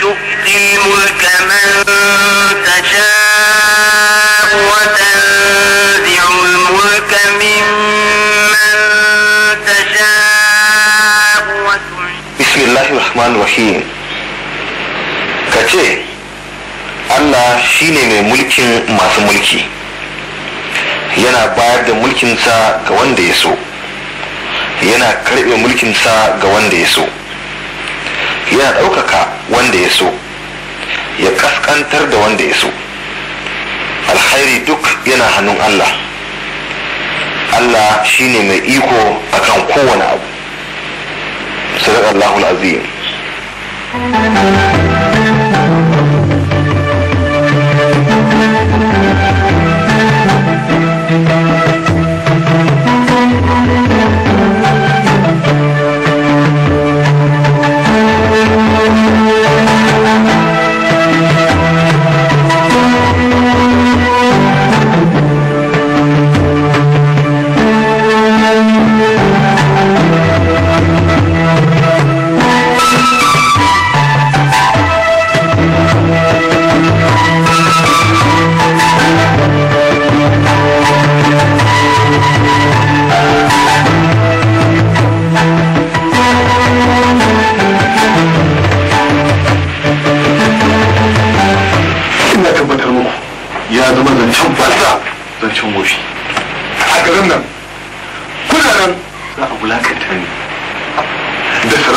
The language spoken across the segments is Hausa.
تؤتي الملك من تشاء وتنزع الملك ممن تشاء بسم الله الرحمن الرحيم كتير Allah shi ne mai mulkin masu mulki yana bayar da mulkinsa ga wanda ya so yana karɓe mulkinsa ga wanda ya so yana ɗaukaka wanda ya so ya ƙasƙantar da wanda ya so alkhairi duk yana hannun Allah Allah shine mai iko akan kowane abu allahul azim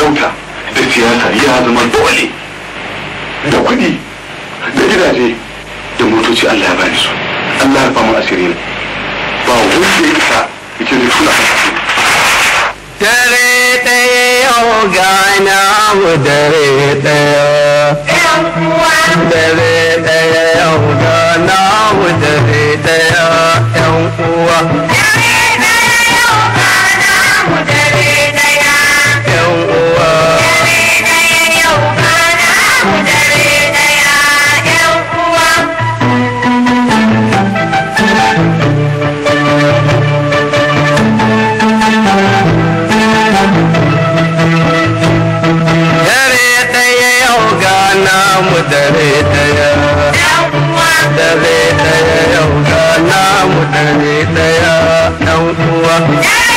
sarauta da siyasa ya zama dole da kudi da gidaje da motoci Allah ya bani su Allah ya famu asiri ba wanda ya isa yake da suna haka dare ɗaya yau gana mu dare ɗaya dare ɗaya yau gana mu dare ɗaya yan uwa dare ɗaya yau da namu dare ɗaya ɗan uwa.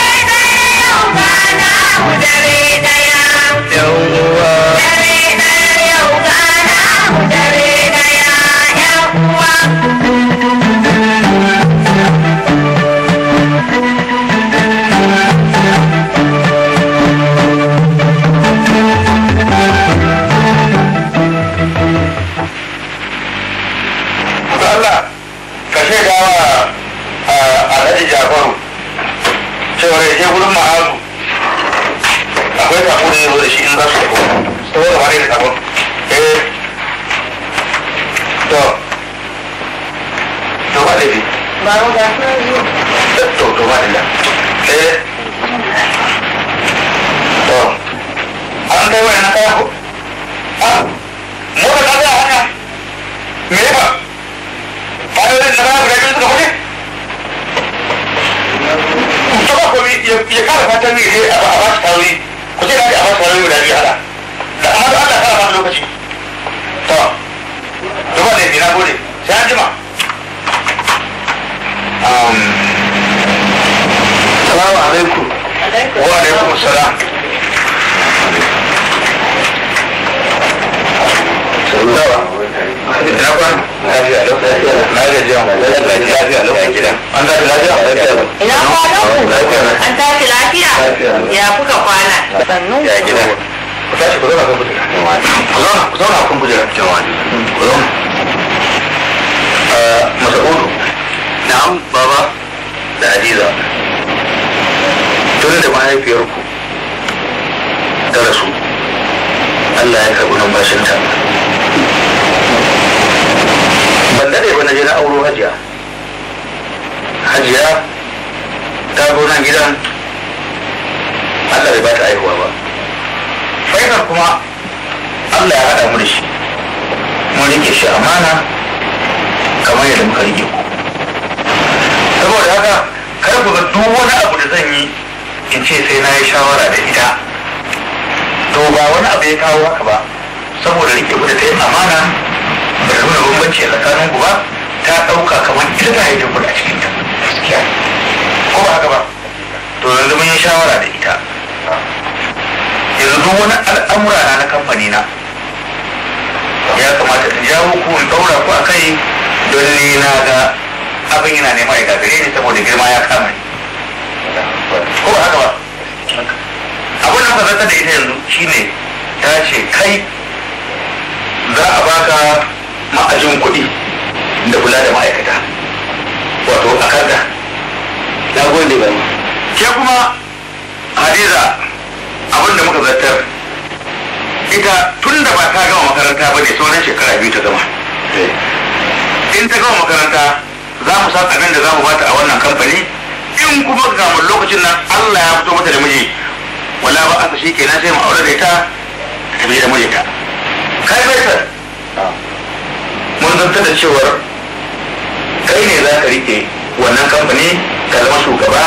kai ne za ka rike wannan kamfani ka zama shugaba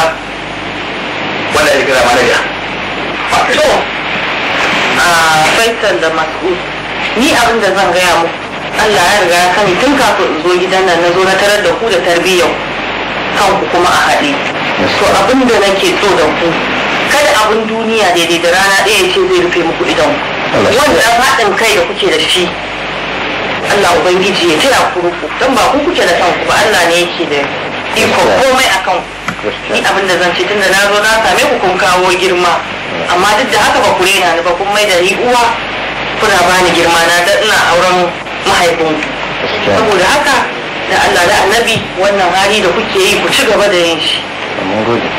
wanda ake kira manaja ah, to a ah, faisal da mas'ud ni abin da zan gaya mu. Allah ya riga ya sani tun kafin in zo gidan nan na zo na tarar da ku da tarbiyyar kanku kuma a haɗe to abin da nake so da ku kada abin duniya daidai da rana ɗaya ce zai rufe muku idan wanda faɗin kai da kuke da shi Allah ubangiji ya taya ku ruku don ba ku kuke da kanku ba Allah ne yake da iko komai a kanku ni abin da zan ce tunda na zo na same ku kun kawo girma amma duk da haka ba ku rena ni ba kun mai da ni uwa kuna bani girma na da ina auren mahaifinku saboda haka da Allah da annabi wannan hali da kuke yi ku ci gaba da yin shi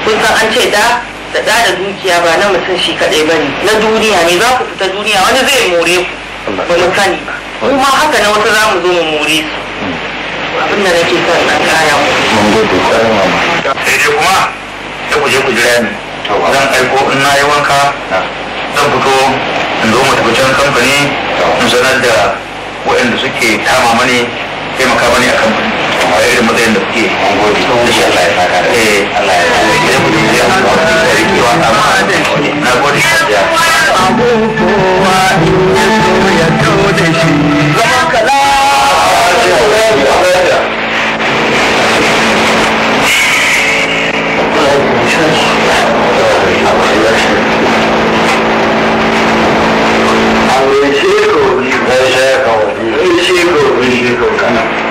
kun san an ce da da da da dukiya ba na mutum shi kadai bane na duniya ne za ku fita duniya wani zai more ku ba mu ba mu ma haka na wasu za mu zo mu more su abin da nake son na kaya mu mun gode kwarai mama sai dai kuma ta kuje ku jira ni zan aiko in na yi wanka zan fito in zo mu tafi can kamfani in sanar da waɗanda suke kama mani taimaka mani a kamfani a irin matsayin da kuke an gode shi Allah ya saka da eh Allah ya saka da mu da ya mu da rikewa ta ma na gode A abun kowa in ya zo da shi zama kala Thank you.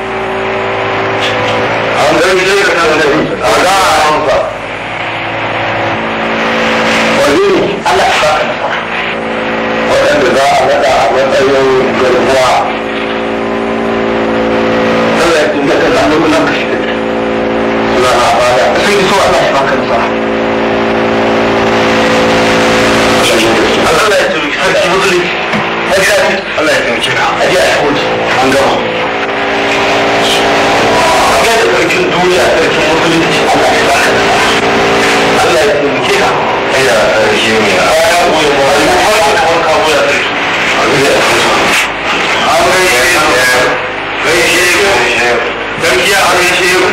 don je ka da a za a amsa waziri Allah waɗanda za a naɗa a matsayin garkuwa Allah ya tunga ta zama kullum ka shiga suna na bada sai ki so Allah ya baka nasara Allah ya tunga sarki musulmi Allah ya tunga ka a ji a an gama sarkin duniya sarkin musulunci Allah ya baka Allah ya taimake ka kai da sarki ne a ya goyi ba wani har ka farka goya sarki a goya an gaishe gaishe sarki ya gaishe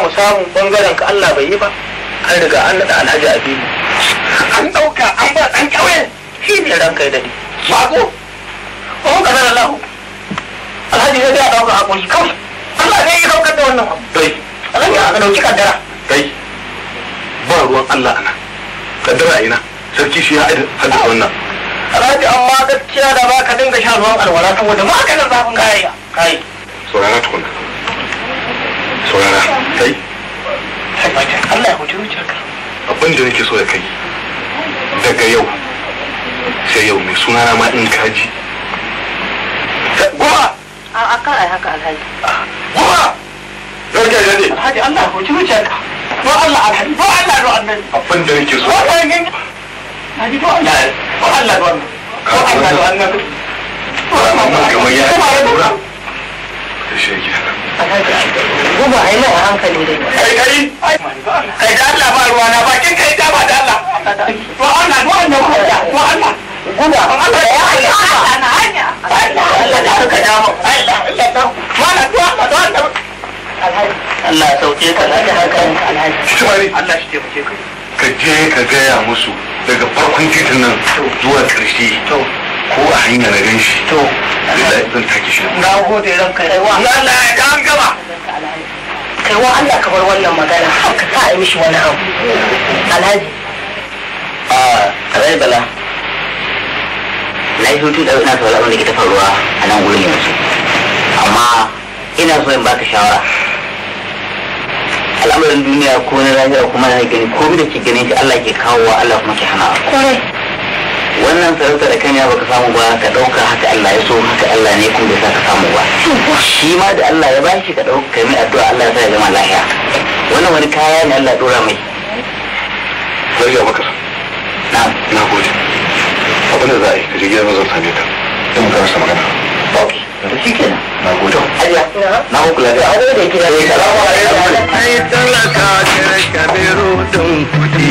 mu samu bangaren ka Allah bai yi ba an riga an naɗa alhaji a fili an ɗauka an ba ɗan ƙauye shi ne ran ranka ya daɗe mako ko ka zara lahu alhaji zai ya ɗauka hakuri kawai Allah zai yi ɗaukar da wannan abu bai alhaji a ɗauki kaddara bai ba ruwan Allah ana kaddara ina sarki shi ya hadda wannan alhaji amma gaskiya da ba ka dinga sha ruwan alwala saboda ma maganin zafin kayayya kai saurara tukuna saurara kai Allah ya abin da nake so ya kai daga yau sai yau mai suna na ma in kaji a kan ai haka alhaji goma da ne alhaji Allah ya ba Allah alhaji ba Allah abin da nake so ba Allah ba Allah ba Allah ba Allah ba Allah Guba ai mai hankali da kai da Allah ba ruwa na bakin kai ba da Allah. Allah Allah ba Allah. Allah ya yi Allah Allah ka damu. Allah Allah Allah Allah. Allah ka Allah gaya musu daga farkon titin nan zuwa ƙarshe. ko a hanya na gan shi to zan take shi na gode ranka kai wa Allah ya kan gaba kai wa Allah ka bar wannan magana ka ta yi mishi wani abu alhaji a alhaji bala na yi hutu da ina saurara wanda ke ta faruwa a nan gurin yanzu amma ina so in baka shawara al'amuran duniya ko na lafiya kuma na gani ko da ke ganin shi Allah ke kawo wa Allah kuma ke hana. Kwarai. wannan sarauta da kan ya baka samu ba ka dauka haka Allah ya so haka Allah ne kuma bai sa ka samu ba shi ma da Allah ya bashi ka dauka kai mai addu'a Allah ya sa ya zama lafiya wannan wani kaya ne Allah dora mai sai ya baka na na gode abin da za a ka gidan mazan same ka in ka rasa magana na gode na hukula da abu da kira ne da. alaikum ai talaka ka kabiru dun kudi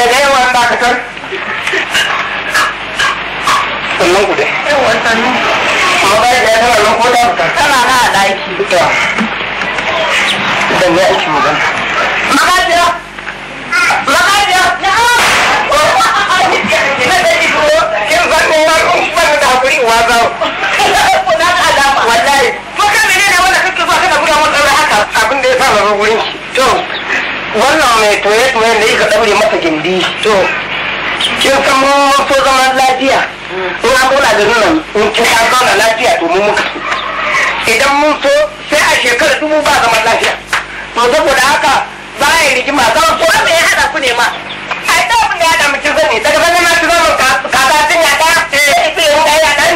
daga da yawa ba ka san sannan ku dai yawa sannan ba da yawa ko da kana na a daki dan ya aiki da ne na wanda kake zuwa kana gudanar da haka abin da ya fara wurin to wannan mai toye toye da yake daure masa gindi to kin san mun so zaman lafiya in an kula da nan in kin an zauna lafiya to mun muka idan mun so sai a shekara dubu ba zaman lafiya to saboda haka ba bayan rigima zaman so me ya hada ku ne ma ai da mun ya da mutum zane daga zama na tuzo mun kaza tun ya da ife yin da ya dan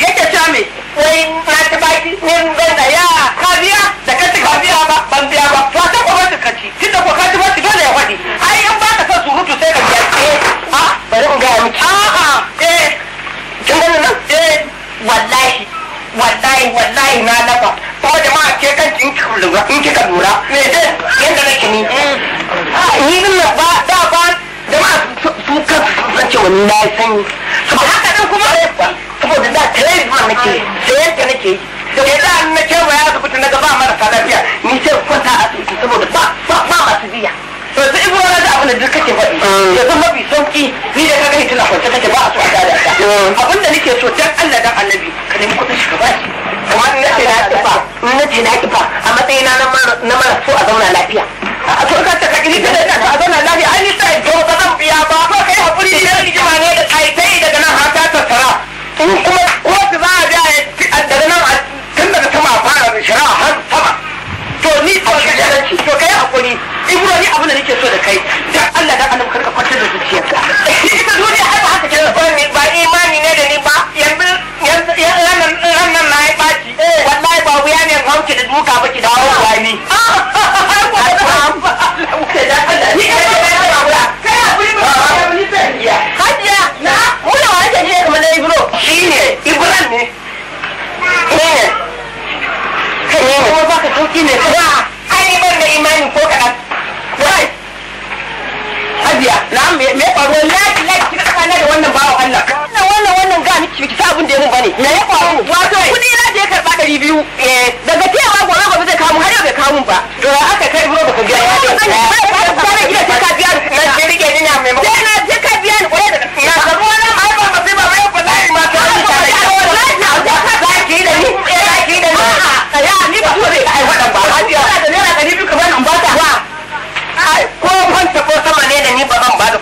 yake cewa me wai na ta baki ne zan da ya kabiya da kace kabiya ba ban biya ba to ta faɗa tun da ko ba su faɗi ya faɗi ai in ba ka su rutu sai ka biya ce a ah, bari in gaya miki a eh kin gani nan eh wallahi wallahi wallahi na dafa kuma jama'a ke kan in kika lura in kika lura me dai yanda nake ni eh. ni din nan ba da ba jama'a su kan su san cewa ni na san kuma haka eh, din kuma saboda da television nake sai yanka nake da ya da na kewa ya asibiti na gaba marasa lafiya ni sai kwanta a asibiti saboda ba tarbiyya to sai ibo na da abin da duk kake faɗi mm. ya mafi sauki ni da kaga kwance ba a so a ta mm. nake so dan Allah dan Annabi ka nemi shi ka na kifa na ce na kifa a na mara so a zauna lafiya a to ka ka kiri da ta a zauna lafiya ai ni sai to ba zan biya ba kai hakuri da rigima ne da kai dai daga nan har ta tattara kuma ko za a ja daga nan tun daga sama fara shara har sama to ni to ka yi hakuri ibro ni abin da nake so da kai dan Allah dan annabi karka kwantar da zuciyarka ita duniya har haka ke ba ni ba imani ne da ni ba yanzu yanzu ranan na yi baci wallahi ba wuya ne hauki da duka ba ki dawo ba ni Hajiya, na, muna wani tafiya kamar da Ibro. Shi ne, Ibran ne. Ne. Kai ne. Kuma baka sauki ne. Ba, ai ban da imani ko kaɗan. kai hajiya na me me faru wallahi lai da wannan bawo Allah wannan wannan wannan ga miki ki abin da yamin bane me ya faru wato kudi na da ya karba 200 eh daga cewa gobe gobe zai kawo har yau bai kawo ba to aka kai bro baka biya ba ba ka ba ba ba ba ba ba ba ba ba ba ba ba ba ba ba ba ba ba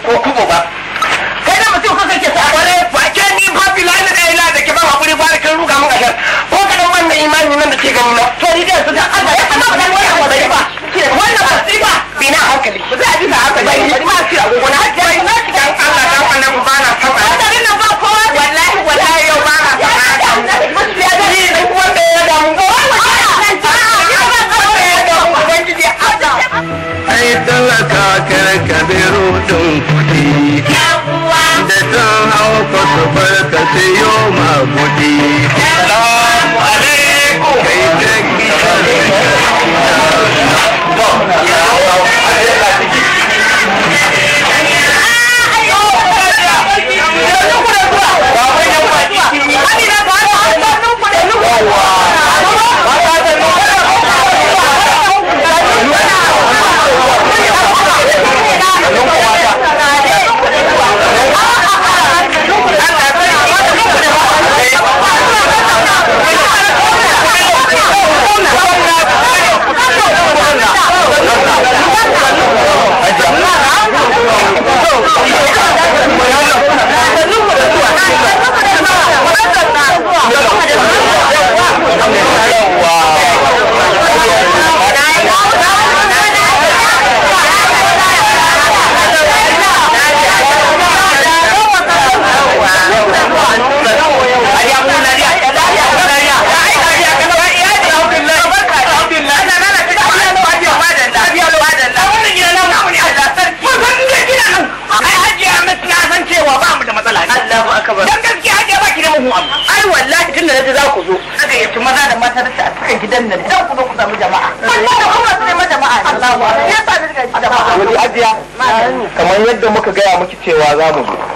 ko kubo ba kai da mutum kanka ke sa bare ba ke ni ba bi la ila ila da ke ba hakuri ba kan ruga mun ashar ko ka dan wannan imani nan da ke gani na to ni da su da Allah ya kama ba wani abu da ba wannan ba sai ba bina hankali ba za a ji ba haka ba ni ma ki agogo na hakki ai na ci dan Allah dan wannan ba na saba Allah nan ba kowa wallahi wallahi yau ba na saba mabuɗin kuɗi da sun hau ka su bar ka sayo mabuɗi kai da gidan da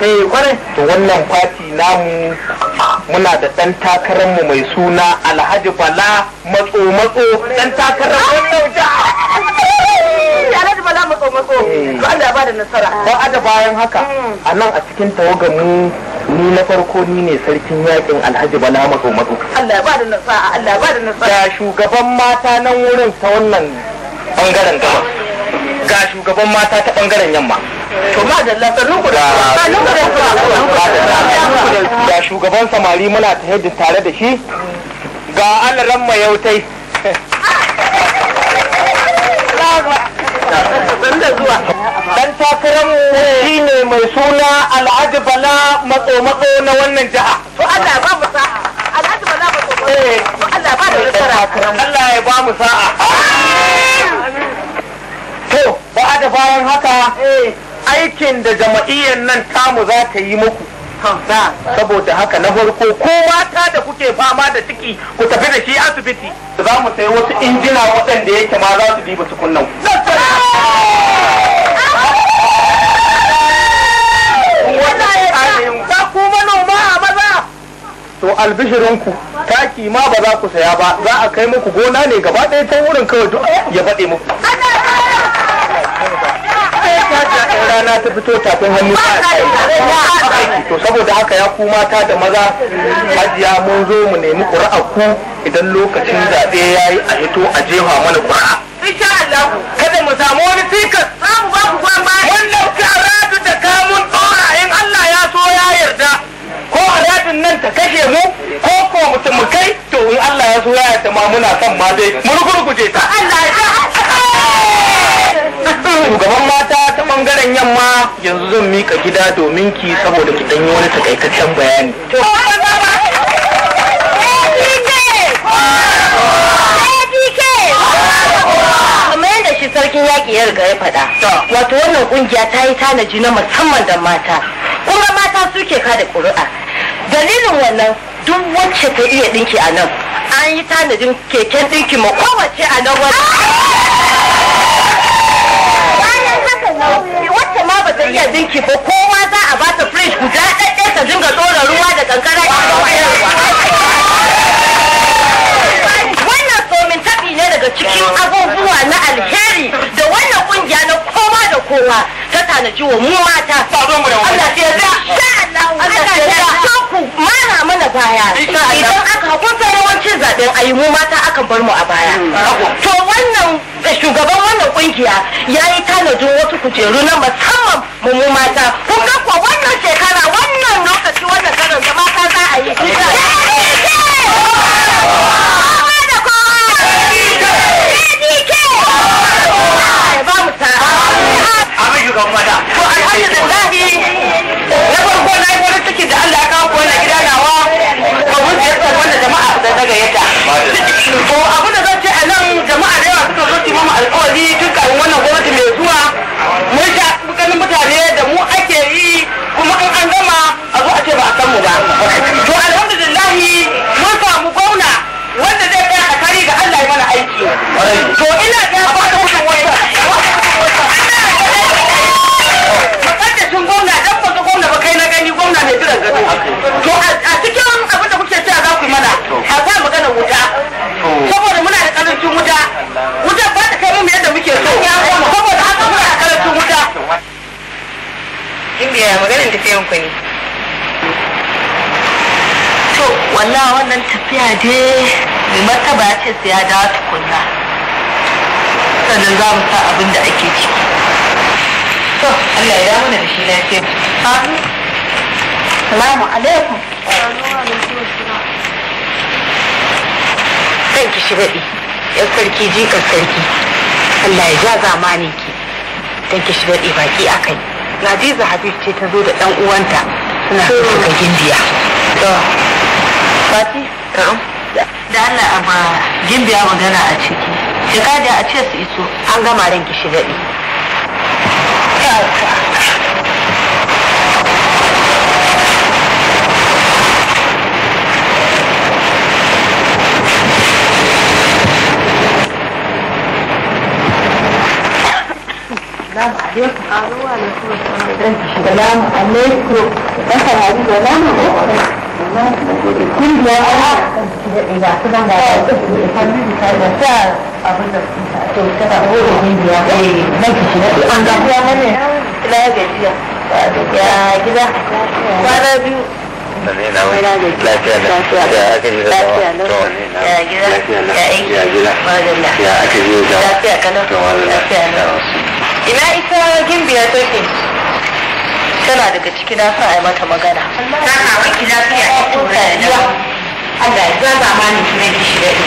eh kwarai to wannan fati namu muna da dan mu mai suna alhaji bala matso matso dan takarar wannan jiha eh, alhaji bala matso matso eh. Allah nasara a da bayan haka mm. a nan a cikin tawagamu ni na farko ni ne sarkin yakin alhaji bala matso matso Allah ya da nasara Allah ya da nasara ga shugaban mata nan wurin ta wannan bangaren gaba ga shugaban mata ta bangaren yamma da shugaban samari muna ta hajji tare da shi ga alaran mayautai dan takararmu shi ne mai suna Al'adu bala matso-matso na wannan jiha to Allah ba mu sa'a bala matso-matso eh. Allah ba da nasara Allah ya ba mu sa'a to ba a da bayan haka eh. aikin da jama'iyyar nan tamu za ta yi muku saboda haka na farko ko mata da kuke fama da ciki ku tafi da shi asibiti za mu sayi wasu injina waɗanda yake ma za su diba tukunnan za ku manoma a maza to albishirinku taki ma ba za ku saya ba za a kai muku gona ne gaba ɗaya ta wurin kawai duk ya baɗe muku rana ta fito tafin hannu ta to saboda haka ya ku mata da maza hajiya mun zo mu nemi ƙura'a ku idan lokacin zaɓe ya yi a hito a jefa mana ƙura'a. Insha Allah kada mu samu wani tikas samu ba ku gwan baya. Wannan karatu da kamun ɗora in Allah ya so ya yarda ko aradin nan ta kashe mu ko ko mutum kai to in Allah ya so ya yarda ma muna son ma dai mu rugurguje ta. shugaban mata ta bangaren yamma yanzu zan mika gida domin ki saboda ki danyi wani takaitaccen bayani shi sarkin yaƙi ya riga ya faɗa wato wannan ƙungiya ta yi tanaji na musamman da mata kuma mata suke kada ƙuri'a dalilin wannan duk wacce ta iya ɗinki a nan an yi tanadin keken ɗinki ma kowace a nan wata wacce ma ba ta iya dinki ba kowa za a ba ta fridge guda ɗaɗɗe ta dinga ɗora ruwa da kankara wannan tsomin tafi ne daga cikin abubuwa na alheri kowa ta tanaji wa mu mata Allah ya yarda Allah ya yarda ku mana mana baya idan aka hukunta yawancin zaben ayi mu mata akan bar mu a baya mm. to wannan eh, shugaban wannan kungiya yayi tanajin wasu kujeru na musamman mu mu mata kun ga ko wannan shekara wannan lokaci wannan karon da mata za a yi ga mata to alhamdulillahi na farko na yi farin ciki da Allah ya kawo ko na gida nawa ko mun da ko wanda jama'a da daga yadda to abu da zan ce a nan jama'a da yawa suka zo su mamu alƙawari tun kafin wannan gwamnati mai zuwa mun sha ganin mutane da mu ake yi kuma in an gama a zo a ce ba a san mu ba to alhamdulillahi mun samu gwamna wanda zai tsaya a kari ga Allah ya mana aiki to ina ga ba da wannan mai jiran gado to a cikin abin da kuke cewa za ku mana a ba magana wuta saboda muna da karancin wuta wuta ba ta kai mu yadda muke so saboda haka muna da karancin wuta Indiya maganin tafiyan ku ne. To, wallah wannan tafiya dai mai martaba ya ce sai ya dawo tukunna. Sannan za mu sa abin da ake ciki. To, Allah ya dawo da shi lafiya. Amin. Assalamu alaikum. Sarki shiraɗi, ‘yan sarki jikar sarki, Allah ya ja zamanin ki, don ki shiraɗi baki a kai. Nadiza Habib ce ta zo da ɗan uwanta suna so ga gimbiya. To, Fati? Na'am. Da Allah a ba gimbiya magana a ciki. Shiga da a ce su iso, an gama ranki shiraɗi. Salamu alaikum. Salamu alaikum. Ɗan ina ita gimbiya take tana daga ciki na sa a mata magana tana waki lafiya ta Allah ya zaba mani ni kuma da shi dai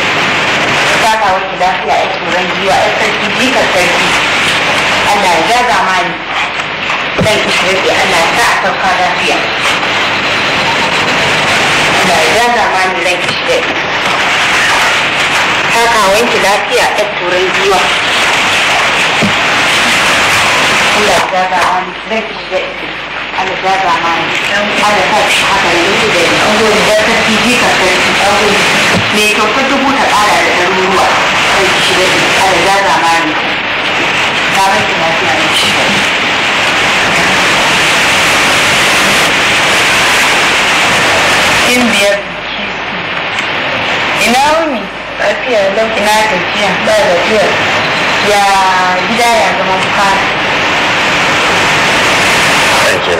tana waki lafiya a tura giwa ai sarki jika sarki Allah ya zaba mani ni dan ki shirye Allah ya sa a sauka lafiya Allah ya ni dan ki shirye ta lafiya ta turai giwa الا تابع عن ركز دائما على تابع عن على فتح حتى يجي دائما اول ده تفكيك اول ليه كنت بوت على الروح على تابع عن تعبت ما في عن الشيء cikin biyar ina wuni lafiya lau ina tafiya ba tafiya ya gida ya zama fara barka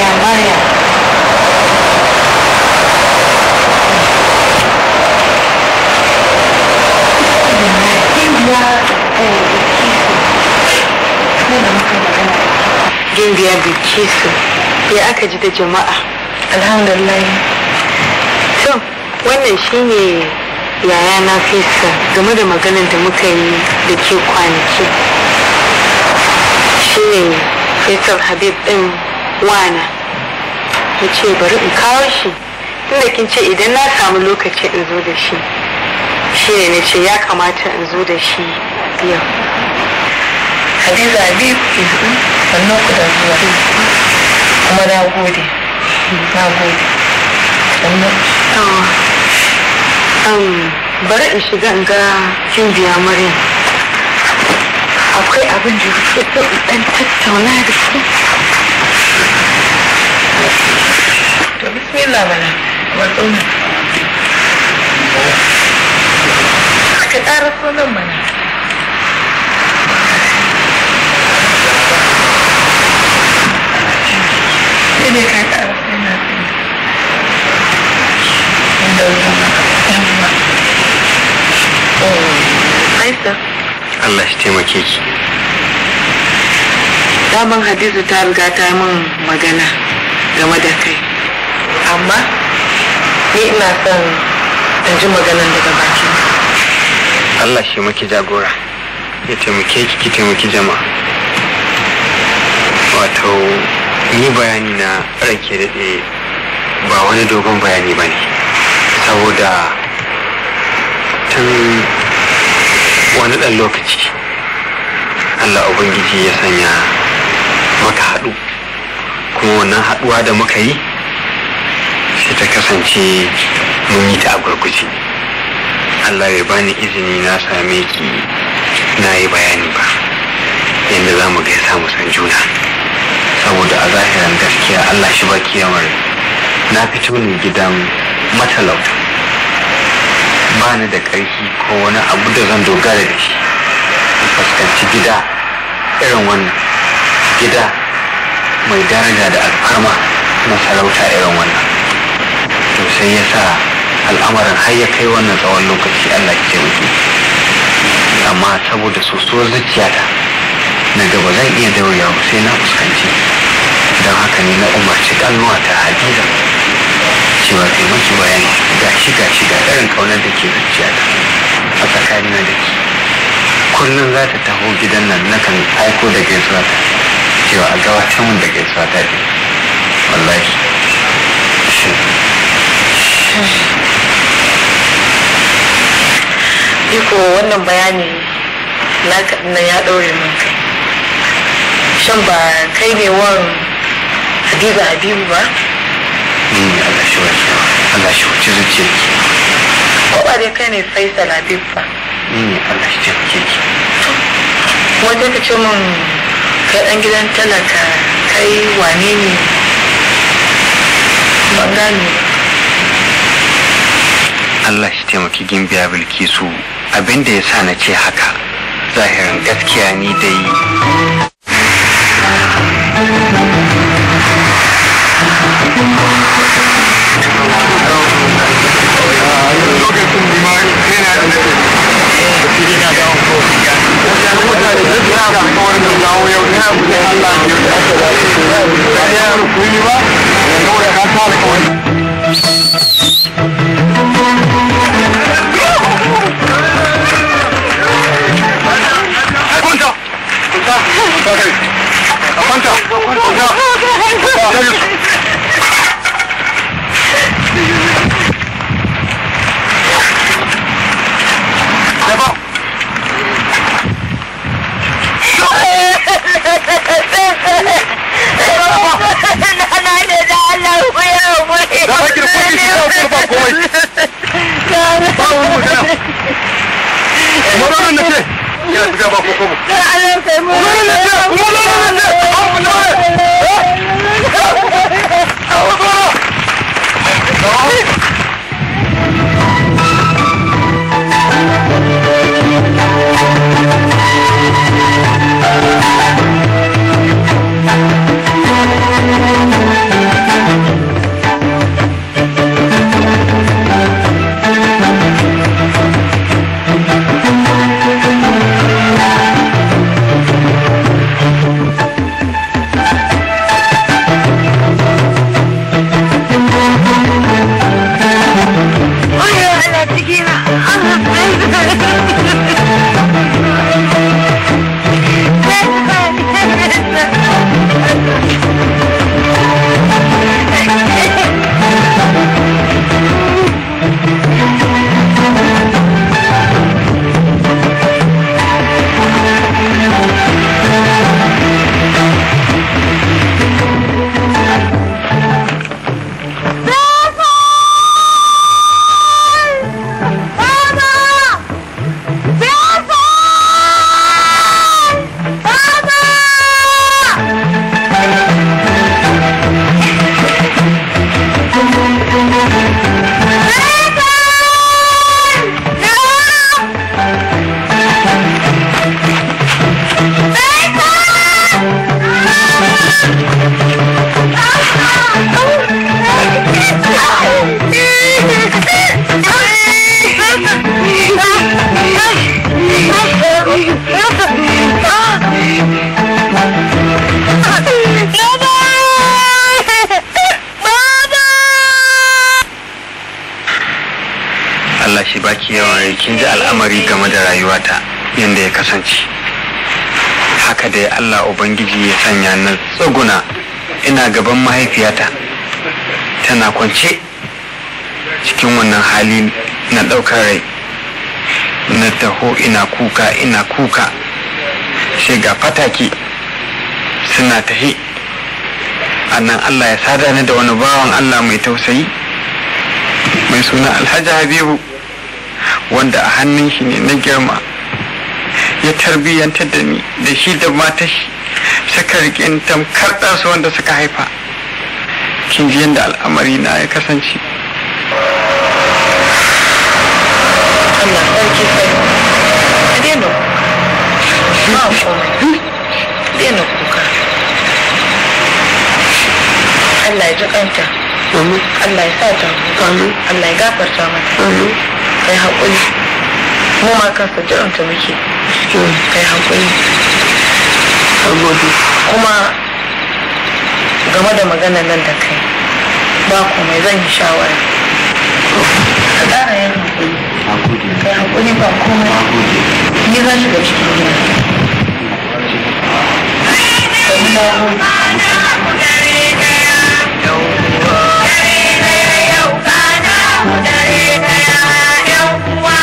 ce gimbiya su ya aka ji da jama'a alhamdulillah to wannan shine yaya na fesa game da maganar da muka yi da ke kwanaki shine fesar habib din wana ya ce bari in kawo shi Inda kin ce idan na samu lokaci in zo da shi shi ne ce ya kamata in zo da shi yau hadiza habib sannan ku da zuwa kuma na gode na gode sannan um, bari in shiga in ga kin biya maryam akwai abin da ya so in dan tattauna da su to bismillah bana matsuna ka ƙara sunan mana Allah shi taimake ki daman Hadizu ta riga ta min magana game da kai amma ni ina son in ji maganan daga bakin Allah shi maki jagora ya taimake ki ki taimaki jama'a wato ni bayani na ranke daɗe ba wani dogon bayani ba ne saboda tun wani ɗan lokaci Allah Ubangiji ya sanya maka haɗu kuma wannan haɗuwa da muka yi sai ta kasance mun yi ta a gurguje Allah ya bani izini na same ki na yi bayani ba yadda za mu gaisa mu san juna saboda a zahiran gaskiya Allah shi ba kiyamar na fito ne gidan matalauta ba da ƙarfi ko wani abu da zan dogara da shi fuskanci gida irin wannan gida mai daraja da alfarma na sarauta irin wannan to sai ya sa al'amarin har ya kai wannan tsawon lokaci allah ya taimake amma saboda soso zuciyata na gaba zan iya dauya sai na fuskanci don haka ne na umarci kalmuwa ta hadiza cewa kai mashi bayani gashi gashi ga irin kaunar da ke zuciya ta a tsakanin da ke kullum za ta taho gidan nan na kan aiko da gaisuwa ta cewa a ta mun da gaisuwa ta ne wallahi Iko wannan bayani na ya ɗaure min kai. Shan ba kai ne wan Habiba Habibu ba? Ni ne Allah shi wace Allah shi wace zuciyar ki ko ba dai kai ne Faisal Habib ba Allah shi ke ki wanda ka ce min kai dan gidan talaka kai wane ne ban gane Allah shi taimaki gimbiya bilkisu abinda ya sa na ce haka zahirin gaskiya ni dai Thank you. ba ko kuma. Sai Allah sai mu. Kuma ne ne Nan Allah ya sada ni da wani bawan Allah mai tausayi mai suna alhaji habibu wanda a hannun shi ne na girma ya tarbiyyanta da ni da shi da mata shi suka riƙe tamkar ɗansu wanda suka haifa kin ji yadda al'amari na ya kasance Dena kuka. ya ji kanta Allah ya sa ta Allah ya gafarta mata kai haƙuri mu ma ta muke kai haƙuri kuma game da magana nan da kai ba ku mai zan yi shawara ka ƙara yin haƙuri kai haƙuri ba komai ni zan shiga cikin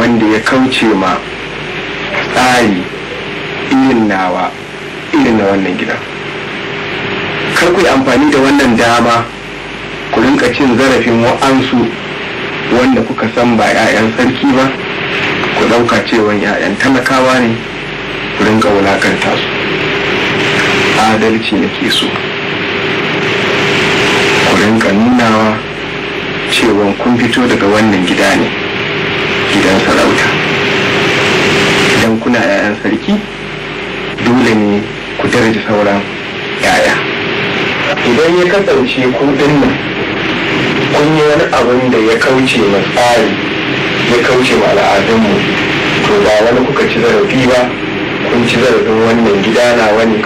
wanda ya kauce ma tsari irin nawa irin na wannan gida kar ku yi amfani da wannan dama ku rinka cin zarafin wa'ansu wanda kuka san ba 'ya'yan sarki ba ku ɗauka cewan 'ya'yan talakawa ne ku rinka wulakanta su adalci nake so ku rinka nunawa cewan kun fito daga wannan gida ne gidan sarauta idan kuna 'ya'yan sarki dole ne ku daraja sauran 'ya'ya idan ya kasance ku nan kun yi wani abin da ya kauce ma tsari ya kauce ma al'adunmu to ba wani kuka ci zarafi ba kun ci zarafin wannan gida na wani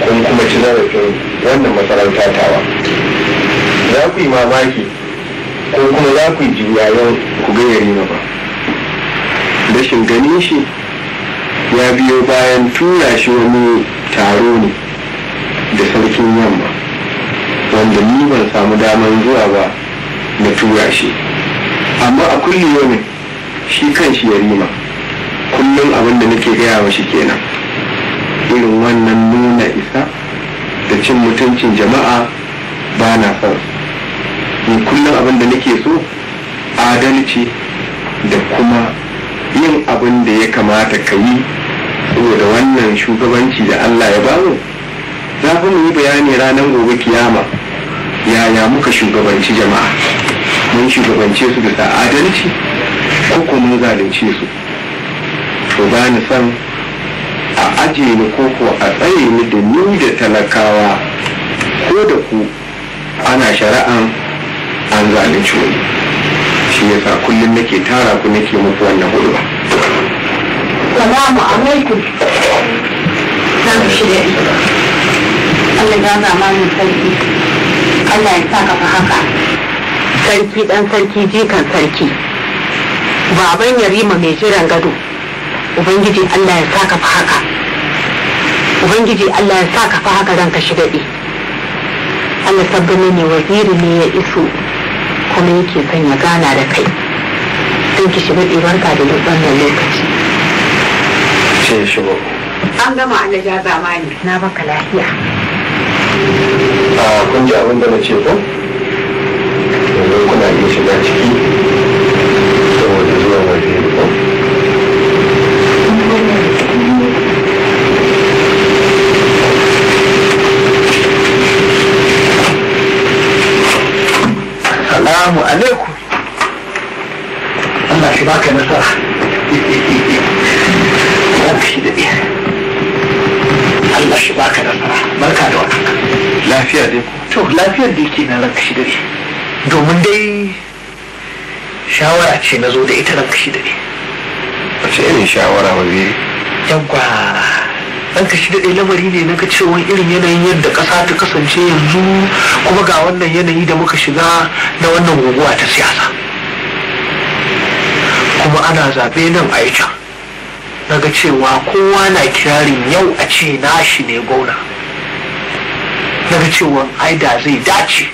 kun kuma ci zarafin wannan masarauta tawa za ku yi mamaki ko kuma za ku yi juyayen ku gayyari na ba rashin ganin shi ya biyo bayan tura shi wani taro ne da sarkin yamma wanda ni ban samu daman zuwa ba na tura shi amma a kulli yau shi kan shi ya rima kullum abin da nake gaya wa shi kenan irin wannan nuna isa da cin mutuncin jama'a ba na son ni kullum abin da nake so adalci da kuma yin abin da ya kamata ka yi saboda wannan shugabanci da Allah ya bamu za ku mu yi bayani ranar gobe kiyama yaya muka shugabanci jama'a mun shugabance su da adalci ko kuma zalunce su to ba ni san a aje ni ko ko a tsaye ni da ni da talakawa ko da ku ana shari'an an zalunci wani shi sa kullum nake tara ku nake muku wannan hudu ba salamu alaikum za mu shirya Allah ya zama min sarki Allah ya sa ka fa haka sarki dan sarki jikan sarki baban yarima mai jiran gado ubangiji Allah ya sa ka fa haka ubangiji Allah ya sa ka fa haka ranka shi daɗe Allah sabbin ne waziri ne ya iso kuma yake son ya gana da kai don ki shiga ka da duk wannan lokaci ce ba an gama an ja zamani na baka lafiya a ah, kun ji abin da na ce ko kuna iya shiga ciki assalamu alaikum Allah shi baka nasara lafi da Allah shi baka nasara barka da wata lafiya dai to lafiyar da yake na ranka shi da biya domin dai shawara ce na zo da ita ranka shi da ne wace irin shawara ba biyu yawwa ranka shi daɗe lamari ne na ga cewa irin yanayin yadda ƙasa ta kasance yanzu kuma ga wannan yanayi da muka shiga na wannan guguwa ta siyasa kuma ana zaɓe nan a can na cewa kowa na kirarin yau a ce shi ne gona na ga cewa aida zai dace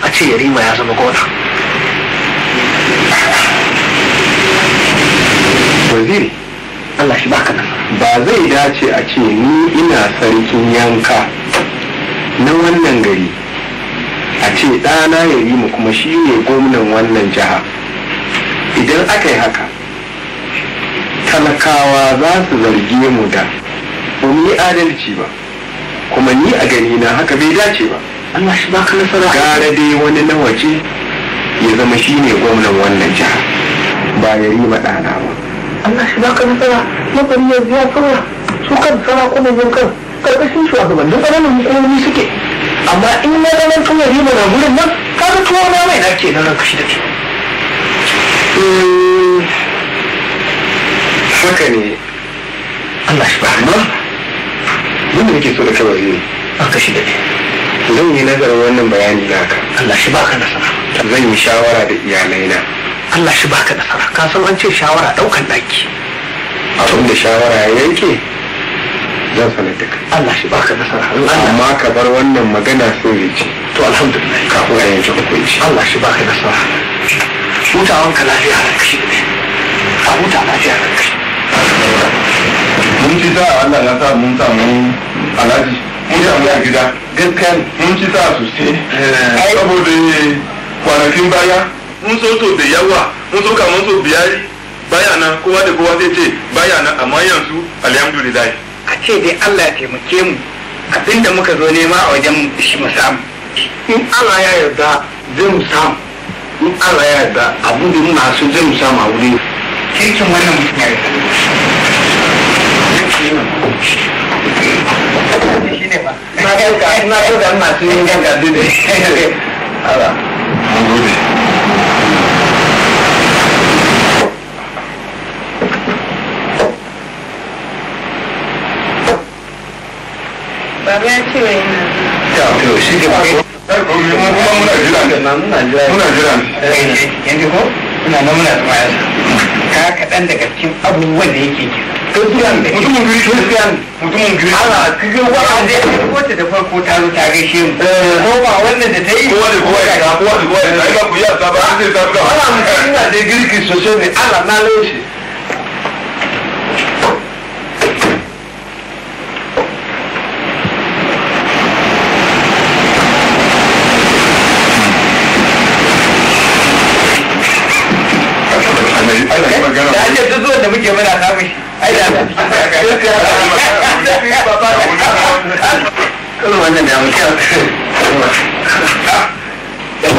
a ce yarima ya zama gona you. Allah shi baka nan ba zai dace a ce ni ina sarkin yanka na wannan gari a ce ɗana ya yi mu kuma shi ne gwamnan wannan jiha idan aka yi haka talakawa za su zarge mu da yi adalci ba kuma ni a gani na haka bai dace ba Allah shi baka nasara gara dai wani na waje ya zama shi ne gwamnan wannan jiha ba ya yi ma ɗana ba Allah shi baka nasara mafari ya biya saura su kan sarakunan yankan karkashin shugabannin ƙananan hukumomi suke amma in na ranar tuwa riba na gurin nan ka ga tuwa na mai nake na ranka shi da ke. Eh, haka ne Allah shi ba amma yadda nake so da kawai ne ranka shi da ke. zan yi nazarin wannan bayani naka Allah shi baka nasara zan yi shawara da iyalaina Allah shi baka nasara ka san an ce shawara daukan daki abin da shawara ya yanke zan sanar da kai Allah shi baka nasara amma ka bar wannan magana so ya ce to alhamdulillah kafin ya yanke hukunci Allah shi baka nasara mutawan ka lafiya shi ne a huta lafiya shi. mun ci sa Allah ya sa mun samu alaji mun samu a gida gaskiya mun ci sa sosai eh. saboda kwanakin baya mun so to da yawa mun so kamar so biyar baya nan kowa da kowa zai ce baya nan amma yanzu alhamdulillah a ce dai Allah ya taimake mu abinda muka zo nema a wajen shi mu samu in Allah ya yarda zai mu samu in Allah ya yarda abu da muna so zai mu samu a wuri kirkin wannan mutum ya yarda shi ne ba na ɗauka ina ɗauka masu yin gangar dole Allah baba ya ce wa yana. To shi ke muna jira. Muna jira. Yanzu ko? Muna nan muna zama yasa. Ka kaɗan daga cikin abubuwan da yake kira. mutumin giri kristiyan mutumin giri ala cikin wa'an zai a wacce da farko ta zo ta gaishe mu eh. ko ba wannan da ta yi kowa da kowa ya kowa da kowa ya ta ga ku ya ta ba zai ta ga ala mutum ina da girki sosai ne ala na laushe muke muna samu shi ai da ta cikin da ka yi wannan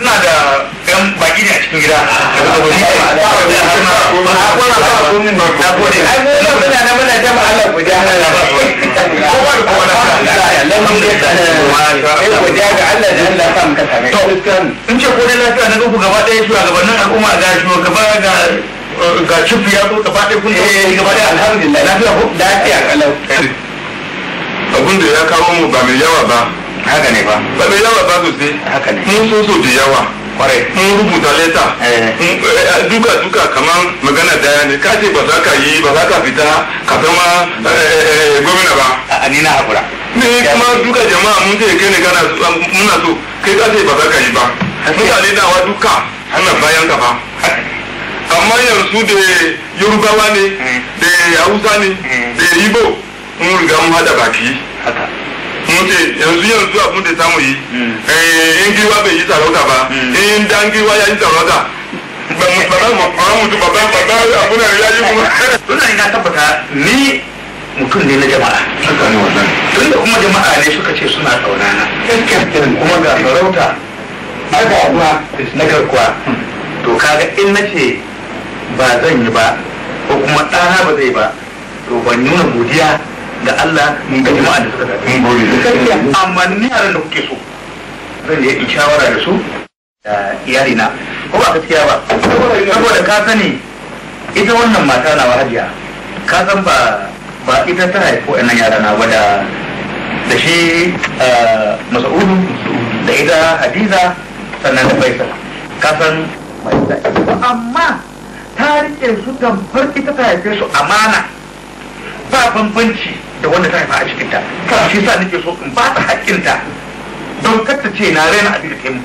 ina da yan baki ne a cikin gida in ce kodai lafiya na ko gaba ko shugabannin ko ga ko ga ga cikin ya zo gaba ɗaya kun zo gaba ɗaya alhamdulillah lafiya ko lafiya kalau abin da ya kawo mu ba mai yawa ba haka ne ba ba mai yawa ba sosai haka ne mun so so da yawa mun rubuta leta eh. Eh, duka duka kamar magana da ne ka ce ba za ka yi ba za ka fita ka zama eh, gwamna ba a ni na hakura ne kuma duka jama'a mun ce kai ne kana ah, muna so kai ka ce ba za ka yi ba mutane dawa duka ana bayan ka ba amma yanzu da yorubawa ne mm. da hausa ne mm. da ibo mun riga hada baki muke yanzu yanzu abun da samu yi mm. eh, in giwa bai yi sarauta ba mm. in dan giwa ya yi sarauta babban ba babban babban abin da ya yi kuma tun da ina tabbata ni mutum ne na jama'a tun da kuma jama'a ne suka ce suna tsaunana kuma ga sarauta aka abuwa na garkuwa hmm. to kaga in na ce ba zan yi ba ko kuma ɗana ba zai ba to ban nuna godiya da Allah da jama'a da suka zaɓe amma ni yaran da kuke so zan je shawara da su da na. ko ba gaskiya ba saboda ka sani ita wannan mata na hajiya ka san ba ba ita ta haifo nan yara na ba da da shi eh, Masa'udu, da ita Hadiza sannan da Faisal ka san amma ta rike su gambar ita ta haife su amana ba bambanci da wanda ta haifa a cikin ta shi sa nake so in ba ta haƙƙin ta don kar ta ce na raina abin da kai mu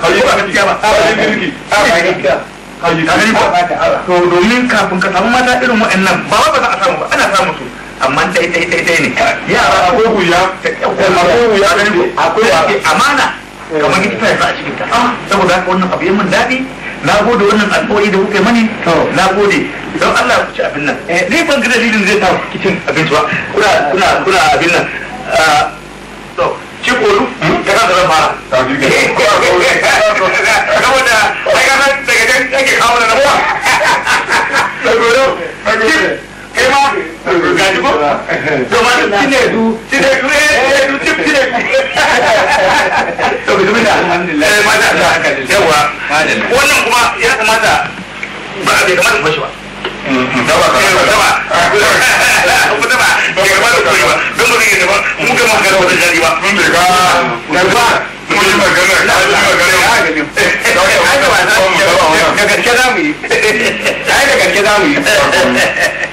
ka yi ba gaskiya ba ka yi girki ka yi ka to domin kafin ka samu mata irin waɗannan ba ba za a samu ba ana samu su amma dai dai dai dai ne yara akwai wuya akwai wuya akwai amana kamar ita ta haifa a cikin ta saboda haka wannan abu yi min daɗi na gode wannan alƙawari da kuka mani na gode don Allah ku ci abin nan eh, ni ban ga dalilin zai sa kicin cin abinci ba kuna kuna kuna abin nan ah, to ci kolu hmm? ta kan zama fara saboda ai ga daga ake kawo da rabuwa saboda kai ma du, ko domin tinedu tinedu eh tinedu tip du. to bismillah alhamdulillah eh mata da haka yawa wannan kuma ya kamata ba bai kamata ba shi ba dawa dawa dawa dawa bai kamata ba shi ba don ba zai ba mu ga magana wata jari ba mun bai ga garba mun yi magana ka yi magana ya gani da gaske za mu yi da gaske za yi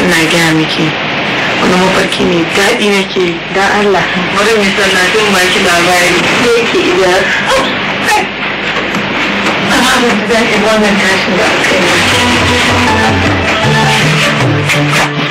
ina gaya miki wani mafarki ne daɗi ke da Allah wadda mai sallatin ba ki labari da yake iya amma ba ta wannan tashin da aka yi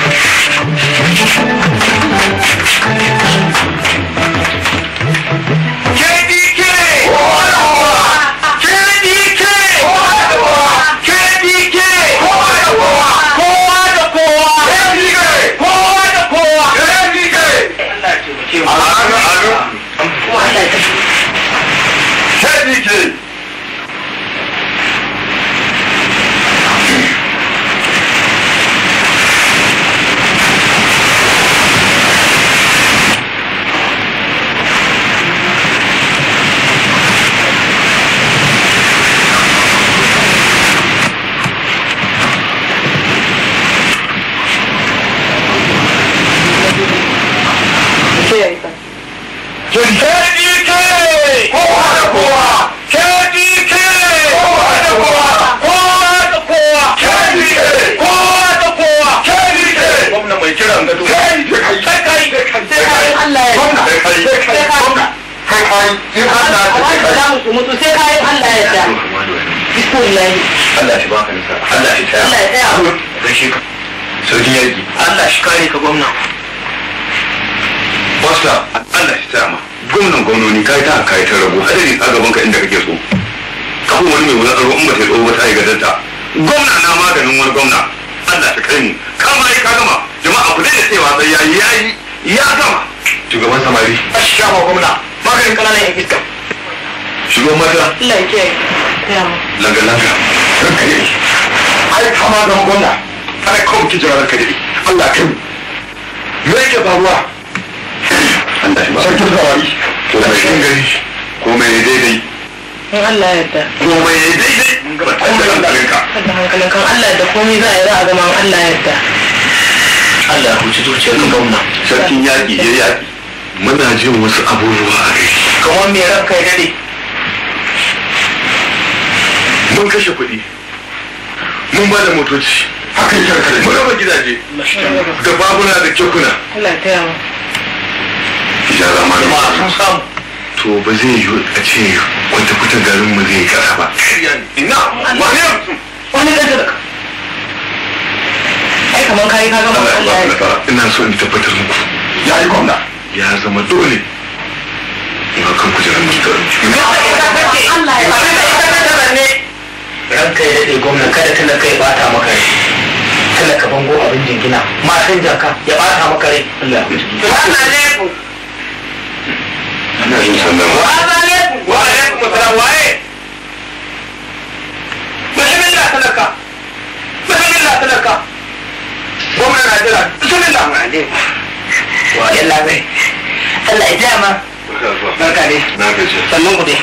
sannan ku dai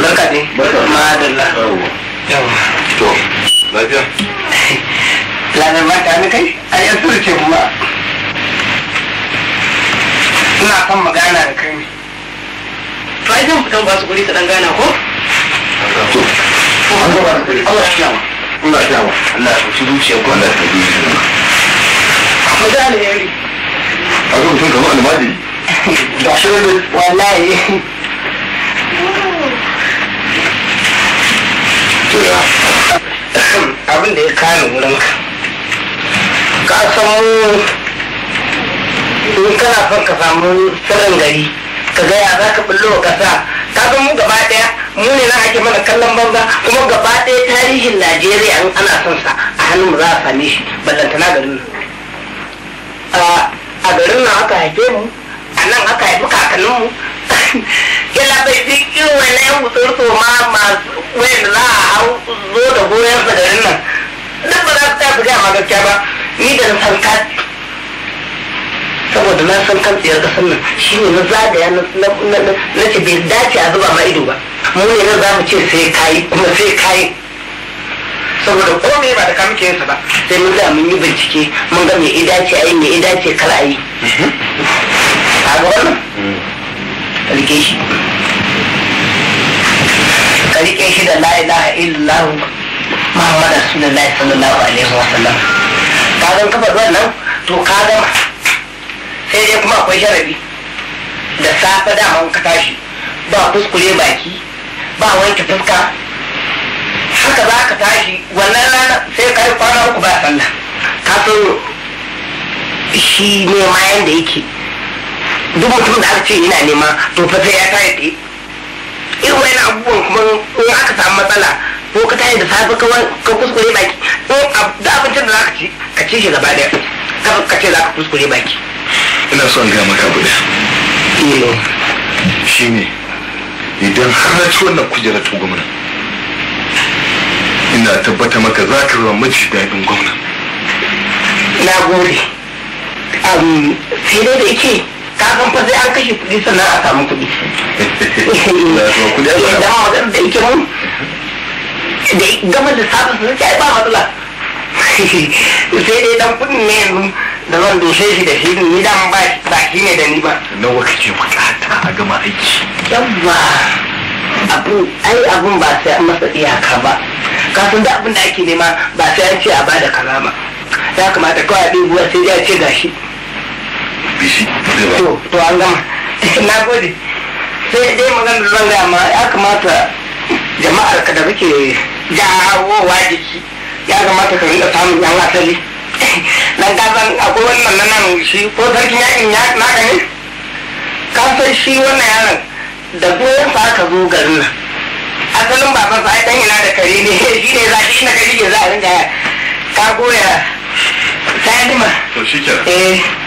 barka dai madalla to lafiya lanar ba ta kai a yan turce kuma ina kan magana da kai to ai zan fitan ba su guri su dan gana ko Allah ya kiyama Allah ya kiyama Allah ya kuci zuciya ko Allah ya kaji mu da alheri a zo mutum almajiri wallahi cewa abin da ya kani wurin ka samu in kana son ka samu sirrin gari ka ga ya za ka bullo kasa ka ga mu gaba daya mu ne na ake mana kallon banza kuma gaba daya tarihin najeriya in ana son sa a hannun mu za a same shi ballantana garin a garin nan aka haife mu a nan aka haifi mu. yalla bai ji na yan gusur su ma masu wayan za a hau zo da goyon sa garin nan duk ba za su tafi gaya ma gaskiya ba ni da san ka saboda na san kan tsayar kasar nan shi ne na zagaya na ce bai dace a zuba ma ido ba mu ne na za mu ce sai kayi kuma sai kayi saboda komai ba da ka muke yinsa ba sai mun da mun yi bincike mun ga mai idace a yi mai idace kar a yi mhm. a ga wannan mm. rike shi ka rike shi da la ilaha illallah muhammad rasulullahi sallallahu alaihi wa sallam ka zan kafa wannan to ka gama sai dai kuma akwai sharabi da safe dama ka tashi ba kuskure baki ba wanke fuska haka za ka tashi wannan rana sai ka yi kwana uku ba sallah ka so shi ne ma yanda yake duk mutumin da aka ce yana nema to fa sai ya tare da irin wani abubuwan kuma in aka samu matsala ko ka tare da safe ka ka kuskure baki ko da abincin da zaka ci ka ci shi gaba daya ka ka ce zaka kuskure baki ina son ga maka guda eh. shi ne idan har na ci wannan kujerar ta gwamna ina tabbata maka za ka zama maji daɗin gwamna na gode sai dai da yake kafin fa sai an kashe kuɗi sannan a samu kuɗi da ma wadanda da yake mun da gama da sabon sun ce ba matsala sai dai dan kuɗin ne yanzu da zan doshe shi da shi ni dan ba ba shi ne da ni ba nawa kake bukata a gama aiki yamma abin ai abin ba sai an masa iyaka ba kafin da abin da ake nema ba sai an ce a bada kaza ba ya kamata kawai a ɗin sai ya ce gashi bishi to to an gama na gode sai dai magana da zanga ma ya kamata jama'ar ka da kake jawowa jiki ya kamata ka rinka samun yan asali dan ka san akwai wannan nan nan shi ko sarkin yakin ya naka ne ka san shi wannan yaron da goyon sa aka zo garin nan asalin baban sa ai dan yana da kare ne shi ne za shi na kare ke za a rinka ka goya sai dima to shi kenan eh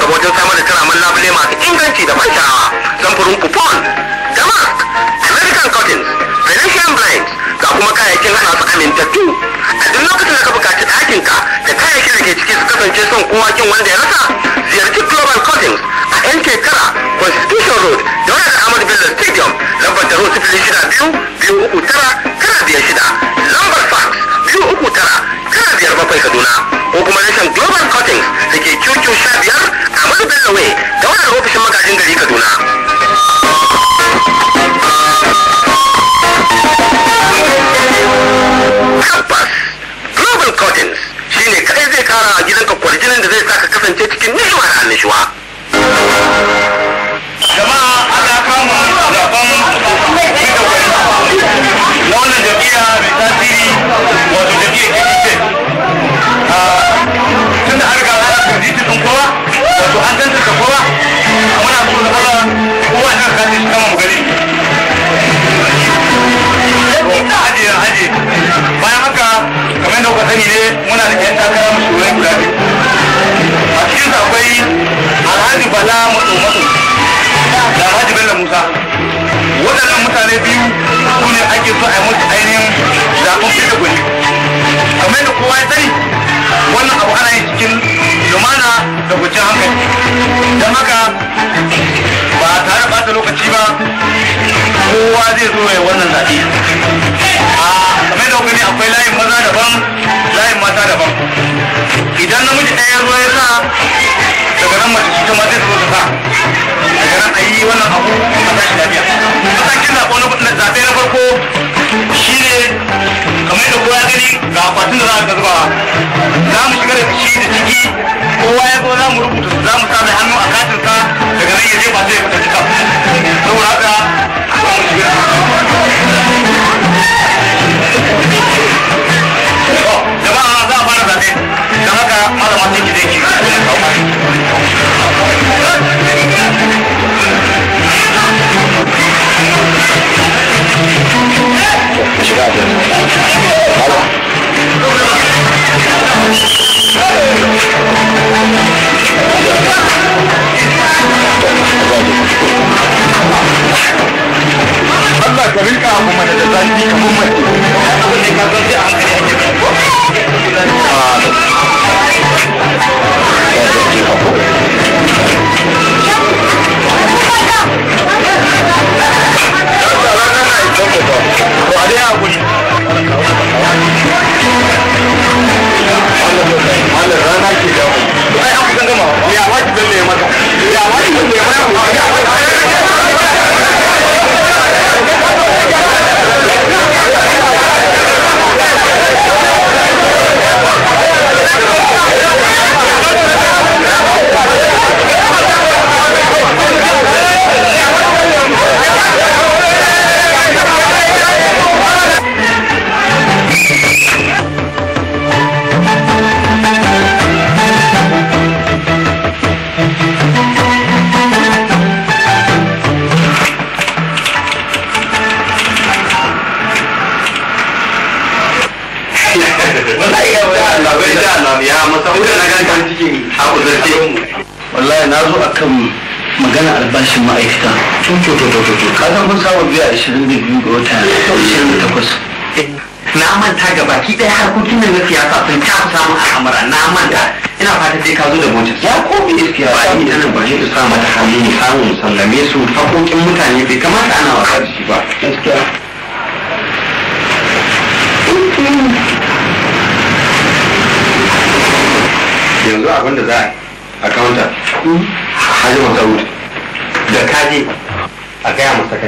kan gaba wajen samar da turamin labule masu inganci da ban sha'awa samfurin coupon damask american cottons venetian blinds ga kuma kayayyakin hana su amintattu a duk lokacin da ka bukaci buƙaci ka da kayayyakin da ke ciki su kasance son kowa kin wanda ya rasa ziyarci global cottons a yan shekara constitution road da wani da Amadu bello stadium lambar taro sifili shida biyu biyu uku tara tara biyar shida lambar fax biyu uku tara sha biyar bakwai kaduna ko kuma rashin global cuttings da ke qq sha biyar a madu bello way da wannan ofishin magajin gari kaduna tabbas global cuttings shine kai zai kara a gidanka kwarjinin da zai saka kasance cikin ni'ima da annishuwa mutane biyu su ne ake so a mutu ainihin zaɓen fita gwani kamar da kowa ya sani wannan abu ana yin cikin lumana da gujin hankali don haka ba tare ba ta lokaci ba kowa zai zo ya wannan zaɓe a kamar da gani akwai layin maza daban layin mata daban idan namiji ɗaya ya zo ya sa daga nan mace ta ma zai zo sa daga nan a yi wannan abu a tashi lafiya matakin zaɓe na zaɓe na farko shine kamar da kowa gani ga akwatin da za a zuba za mu shiga da shi da ciki kowa ya zo za mu rubuta za mu sa mai hannu a katinsa daga nan ya je ba zai 누구라까?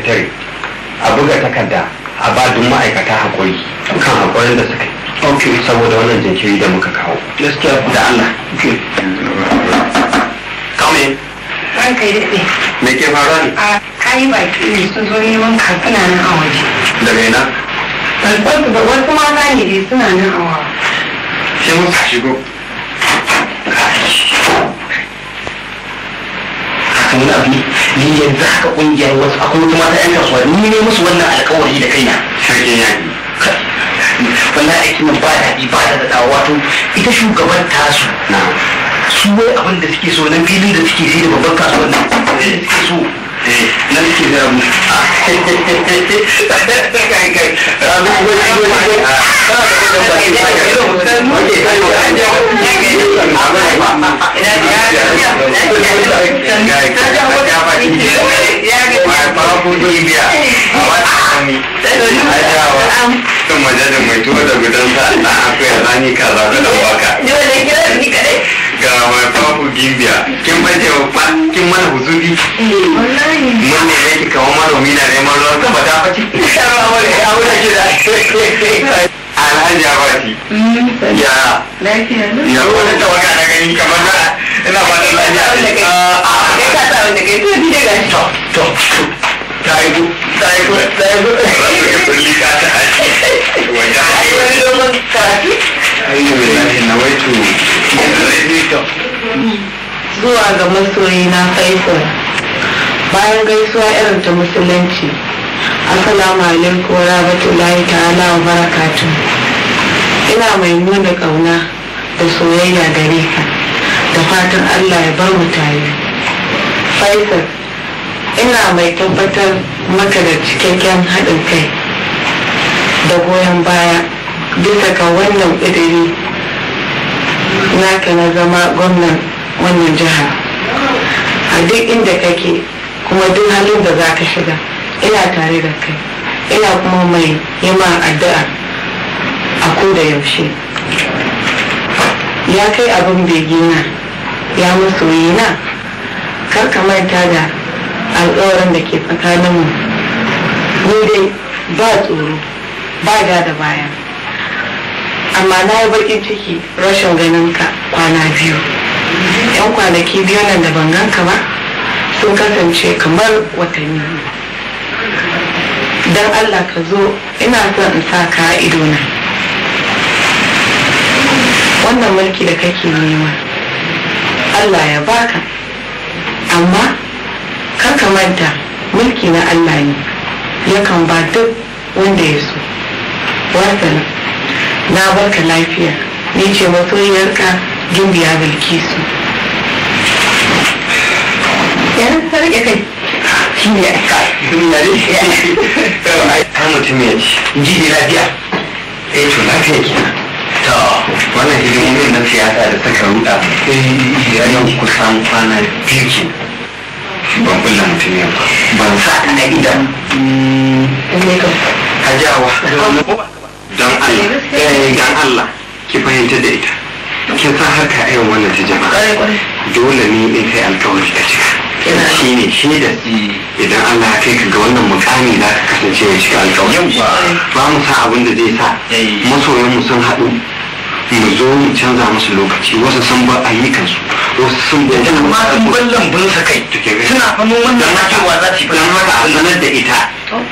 sakatare a buga takarda a ba duk ma'aikata hakuri kan hakurin da suka yi saboda wannan jinkiri da muka kawo gaskiya da Allah kame ranka yi daɗe me ke fara ne a kayi baki ne sun zo neman ka nan a waje daga ina wasu da wasu mata ne dai suna nan a waje sai mun ka shi. ka shigo ka ni yanzu ka kungiyar wasu akwai wata mata yan kasuwa ni ne musu wannan alkawari da kaina sarkin yaki wannan aiki nan ba daɗi ba da daɗa wato ita shugaban tasu su wai abin da suke so nan filin da suke sai da babban kasuwan eh, nan suke so na suke zira mu Thank you. kan majalin mai tuwo da gudansa na akwai a zani kan zaɓe da waka. Ga mai fafu gimbiya, kin bace ba kin mana huzuri. Mun ne ne ki kawo manomi na neman ruwan sama ta faci. Karwa wani ya wuce gida. Alhaji Abati. Ya. Lafiya. Ya wani tawaka na gani kamar na ina ba da lafiya. wanda kai daga to to ta yi ta yi ta yi ta yi ta zuwa ga masoyi na bayan gaisuwa irin ta musulunci assalamu alaikum wa rahmatullahi ta'ala wa barakatuh ina mai nuna kauna da soyayya gare ka da fatan allah ya bar mu tare faifin ina mai tabbatar maka da cikakken haɗin kai da goyon baya bisa ga wannan ƙudiri naka na zama gwamnan wannan jiha a duk inda kake kuma duk halin da za ka shiga ina tare da kai ina kuma mai yi ma addu'a a da yaushe ya kai abin begina ya masoyi na kar ka manta da alkawarin da ke tsakaninmu ni dai ba tsoro ba ga da baya amma na yi baƙin ciki rashin ganin ka kwana biyu yan kwanaki biyu nan da ban ganka ba sun kasance kamar watanni don allah ka zo ina son in sa ka ido na wannan mulki da kake nema allah ya baka amma ka manta mulki na allah ne yakan ba duk wanda ya so wasana na barka lafiya ni ce masoyiyarka gimbiya bilkisu yanar sarki kai ne ta mutum ya ji lafiya eh, to lafiya to wannan hidimomin na siyasa da suka ruda eh, ya kusan kwana biyu ban kulla mutum yau ban sa na idan mm, hajawa don eh, eh, Allah ki fahimta da ita kin san harka a yau wannan ta jama'a dole ne ne kai alkawari ka cika shi ne shaida mm. idan Allah ya kai ka ga wannan mukami za ka kasance ya cika alkawari ba mu san abin da zai sa masoyan mu sun haɗu mu zo mu canza musu lokaci wasu sun ba ayyukan su wasu sun ba amma sun ban lambun sa kai suna fannin wannan na cewa za su yi haka a da ita oh.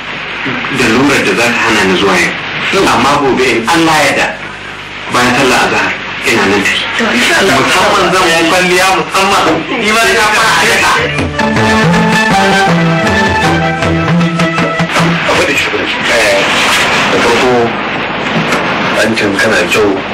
da lura da za ta hana ni zuwa yau oh. amma gobe in Allah ya da bayan sallah azhar ina nan ta musamman zan yi kwalliya musamman ni ma ta fara ayyuka abu da shi eh, da farko an kana kyau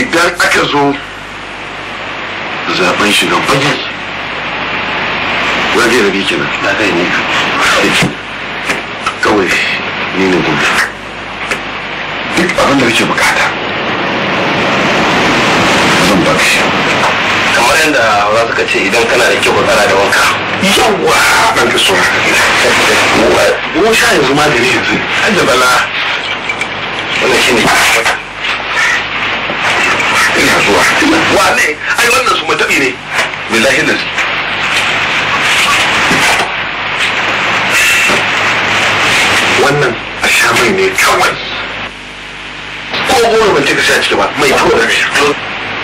idan aka zo zaben shugaban wajen rabi kenan na kai ne kawai ni ne gobe duk abin da kake bukata zan ba shi kamar yadda za suka ce idan kana da kyau kana da wanka yawa ban ka so mu sha yanzu magani yanzu hajjabala wannan shine ina zuwa wane ai wannan su ne wannan a sha mai ne kawai ko goma ban cika sha ciki ba mai kawai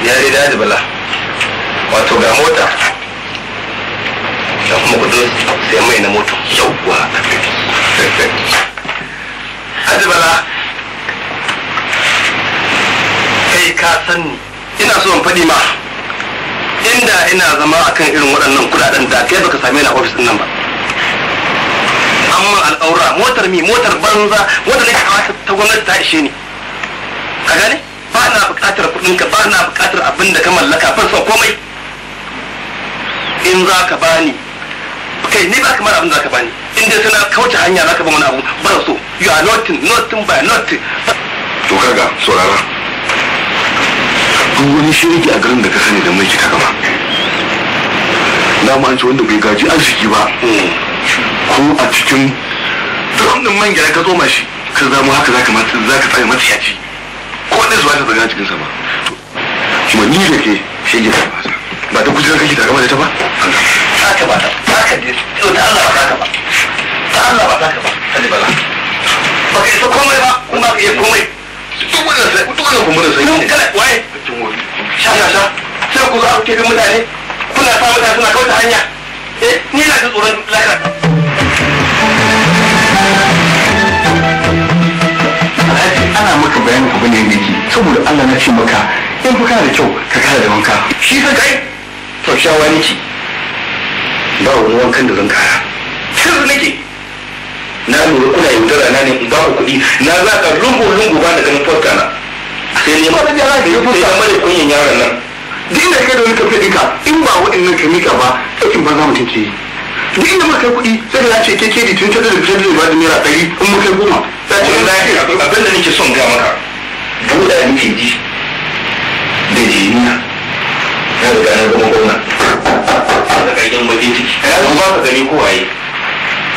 ya yi dadi bala wato ga mota da kuma kudin sai mai na moto yauwa Hadi kai ka san ni ina so in faɗi ma inda ina zama akan irin waɗannan kuɗaɗen da kai baka same na ofis ɗin nan ba amma al'aura motar mi motar banza wanda na kamata ta gwamnati ta ishe ni ka gane ba na buƙatar kuɗinka ba na buƙatar abin da ka mallaka ban son komai in za ka bani kai ni ba kamar abin za ka bani in dai suna kauce hanya za ka ba wani abu ba so you are nothing nothing by nothing to kaga saurara duk wani shirki a garin da ka sani da mai kika gaba dama an ce wanda bai gaji arziki ba ko a cikin man gyara ka tsoma shi ka zama haka za ka tsaye mata yaji ko wanda zuwa ta zaga cikin sama kuma ni da ke shi ba ta kusurar kake tare da ta ba za ka ba ta za ka je ta Allah ba za ka ba ta Allah ba za ka ba ta ba ba ka isa komai ba kuma ka iya komai duk wannan sai duk wannan kuma sai kun kala waye sha sha sha sai ku za ku kebe mutane kuna sa mutane suna kauta hanya eh ni na ji tsoron lahira Alhaji ana maka bayanin abu ne mai saboda Allah na ce maka in fa da kyau ka kada da wanka shi ka kai to shawari ki ba wani wankan da zan kara sirri nake na lura kuna yaudara na ne in ba ku kuɗi na za ka lungu lungu ba na ganin fuska na sai ne ba da yara da ya fuska amma da kunyan yaron nan duk inda kai da wani kafin ɗinka in ba waɗannan ka ba sakin ba za mu tinke duk inda muka kai kuɗi sai da ya ce ke kedi tun tattalin fitar da ba da naira ɗari in muka goma za ce lafiya abin da nake son gaya maka buɗa nake ji da jiniya ya riga na zama gwamna da ƙarfin wajen ciki ya ba ka gani kowaye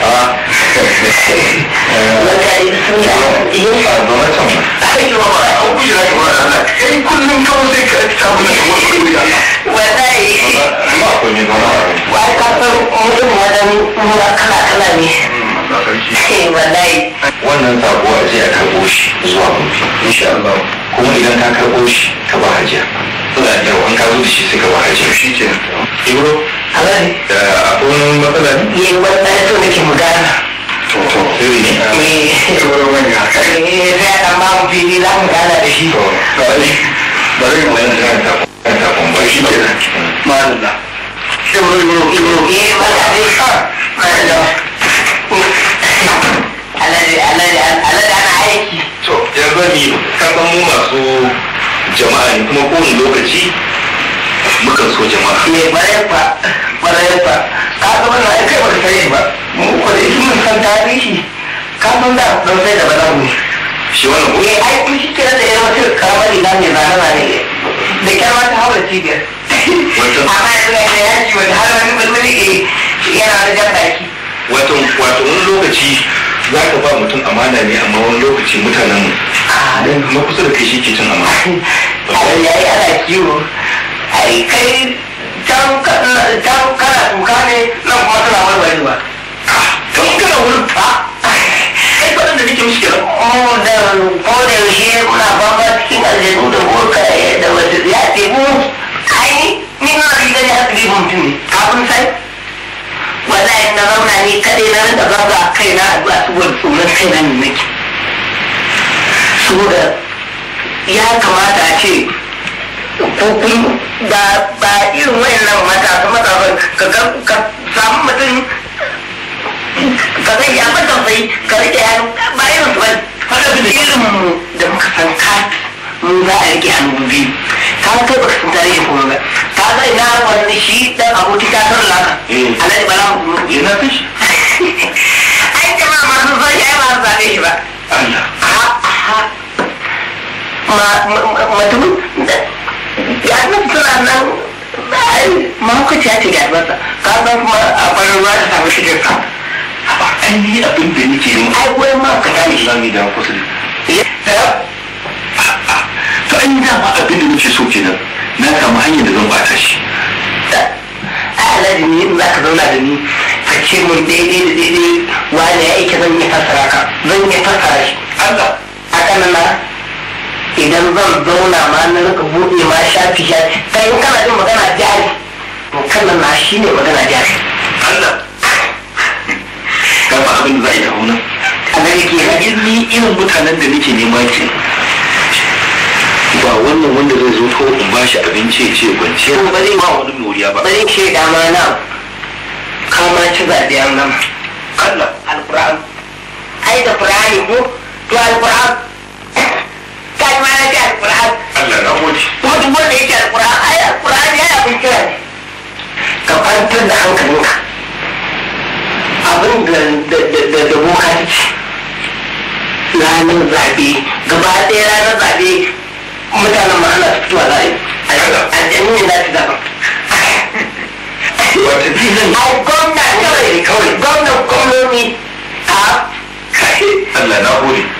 啊，呃，我来送。哎呦，我不喜欢什么人了，哎，不能跟我这个咱们什么不一样。我在。我他说我是我的，我看了看了你。嗯，我来。wannan sako a zai karɓo shi zuwa gobe insha Allah kuma idan ka karɓo shi ka ba hajiya ina yau an kazo da shi sai ka ba hajiya shi ke ibro halali abun matsala ne yi eh, wannan to da ke magana to to ne ne tsoro wani haka eh, ne zai ba fili za mu gana da shi to bari bari mu yi zai ta ta kun ba shi ke malalla ibro ibro ibro eh malalla ne ka malalla ana aiki to yanzu ni kan mu masu jama'a ne kuma kowane lokaci muka so jama'a eh bayan fa bayan fa ka ga wannan ai kai baka sani ba mu ko da mun san tarihi ka san da dan sai da balagu shi wannan ko eh ai kun shi kira da yawa sai karamar ina ne ba na ne da kyarma ta hawa cibiyar amma yanzu ga ina yaji wanda har wani bulbuli eh, yana da jan baki wato wato wani lokaci za ka ba mutum amana ne amma wani lokaci mutanen mu ah, na kusa da kai shi ke cin amana. Allah ya yi ana kiwo ai kai can can kana tuka ne nan kuma tana warware ruwa to in kana wurin kai ba da nake mishi kenan oh da ko da yaushe muna baba cikin aljanu da burka da wata ya ce mu ai ni ma riga ne asibi mutum ne kafin sai wallahi na zauna ni kadai na rinda baba kaina a tsohon tsoron kaina ne nake saboda ya kamata a ce ko kun da ba irin wayan wayannan mata matasan ka ka samu mutum ka zai ya ba tausayi ka rike hannu ba irin ba fara da irin mu da muka san ka mu za a rike hannu biyu ka ba baka tare tarihin kuma ba ka ga ina wani shi dan aboki ta san laka eh. alai bala mu ina eh, fish ai jama'a masu san ya ai ba su zabe shi ba Allah ha ha ma mutum ya nan suna nan ai mahaukaci ya ce ga masa ka zan kuma a farin ruwa ta samu shigar ka ba an yi abin da nake yi ai wai ma ka ta yi zami da kusa eh, to an yi dama abin da nake so kenan na samu hanyar da zan bata shi alhaji ni in za ka zauna da ni ka ce mun daidai da daidai wani ya aiki zan yi fassara ka zan yi fassara shi Allah a kanan na idan zan zauna ma na rika buɗe ma shafi shafi Sai in kana jin magana jari to kallon na shi ne magana jari Allah gaba abin da za a yi hauna a nan yake na ni irin mutanen da nake nema ke ba wannan wanda zai zo ko in bashi abinci ya ce kwanciya ba zai ba wani moriya ba zai ce dama na kama ci zaɓe an gama kallon alƙur'an ai da ƙur'ani ko to alƙur'an kaji ma na ce alƙur'an Allah na gode kuma wanda yake alƙur'an ai alƙur'an ya abin kira ne ka kwantar da hankalinka abin da da boka ranar zaɓe gaba ɗaya ranar zaɓe mutanen ma ana fitowa za a yi aljanni ne za su gwamna kawai gwamna gwamnoni a Allah na gode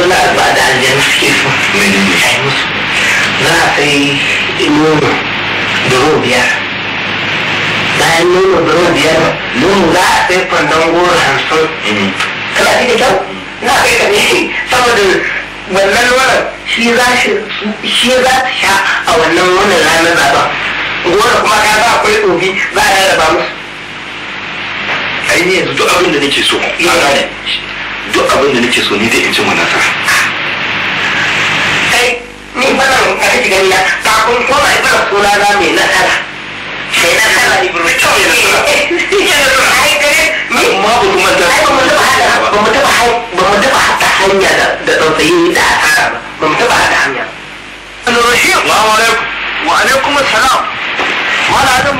wani abu da aljanu suke so a yi musu za a sai nono duro biyar bayan nono duro biyar nono za a sai kwandon goro hamsin mm-hmm. kana ji da kyau na kai ka ne saboda wannan nonon shi za shi za ta sha a wannan wannan ranar zaben goro kuma ka ba akwai tsofi za a rarraba musu ai ne yanzu duk abin da nake so a gane eh. duk abin da nake so ni zai in cin wannan kasa kai ni bana na kake gani na kafin koma ya bana suna na me na nasara sai na nasara ne buru kyau ya nasara ai dare ni ma ba kuma ta ai ba mu taba hada ba mu taba ba mu taba hada hanya da da tsautsayi da asara ba ba mu taba hada hanya Assalamu alaikum wa alaikum assalam malam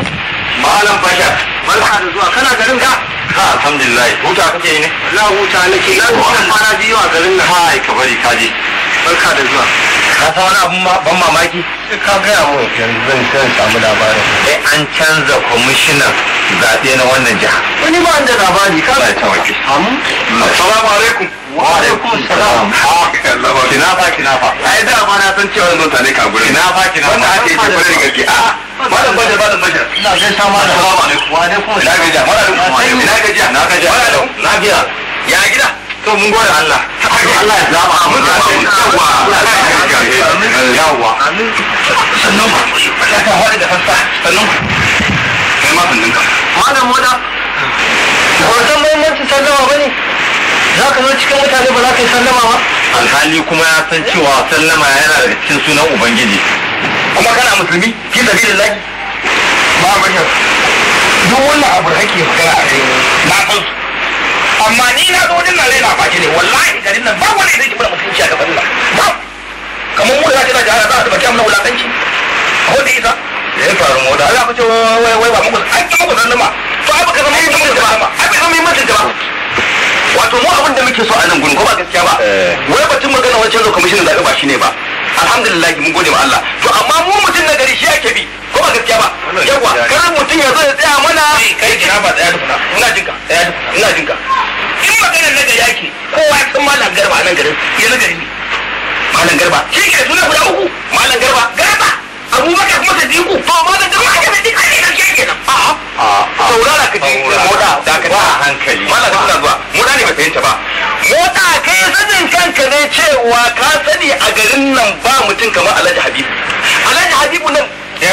malam fasha barka da zuwa kana garin ka ha alhamdulillah huta kake ne La huta nake na fara biyu a garin nan hai ka bari ka je barka da zuwa ka san wani abun ban mamaki ka gaya mu yanzu zan zan samu labarin sai an canza kwamishinan zaɓe na wannan jiha wani ba da labari ka ba ta wake assalamu alaikum wa alaikum salam kinafa kinafa ai da ma na san cewa zan tare ka gurin kinafa kinafa Wannan ake yi kwarai gaske a malam bada bada bada ina gaisa malam assalamu alaikum wa alaikum salam na gaja malam na gaja na gaja na gaja ya gida to mun gode Allah Allah ya zama mu da yawa yawa sannan ka ka hore da fasta sannan kai ma sannan ka malam moda ba san muhimmancin sallama bane za ka zo cikin mutane ba za ka yi sallama ba alhali kuma ya san cewa sallama yana da cikin sunan ubangiji kuma kana musulmi ki sabi da laki ba bashar duk wannan abu da kake magana a kai na san amma ni na zo wajen nan raina ba ne wallahi garin nan ba wani zai kibra mutunci a gaban nan ba kamar mu da za ta jara za ta baki amma wulakanci ko da isa da ya faru mu da Allah ka ce wai wai ba muku an ki muku zaluma to ai baka zama mutum da ba ai baka zama mutum da ba wato mu abin da muke so a nan gun ko ba gaskiya ba eh. wai batun magana wancan zo kwamishinan zaɓe ba ne ba alhamdulillah mun gode ma Allah to amma mu mutun na gari shi yake bi ko ba gaskiya ba yawa kar mutun ya zo ya tsaya mana kai kira ba tsaya tukuna ina jinka tsaya ina jinka in magana na gari yake kowa ya san malam garba nan garin ya na gari ne malam garba shi ke suna guda uku malam garba garba abubakar kuma da diku ba ma da dama da duk ne nan yake nan a a saurara ka ji mota da ka ba hankali mala da suna zuwa mota ne ba fahimta ba mota kai sanin kanka ne cewa ka sani a garin nan ba mutum kamar Alhaji Habibu Alhaji Habibu nan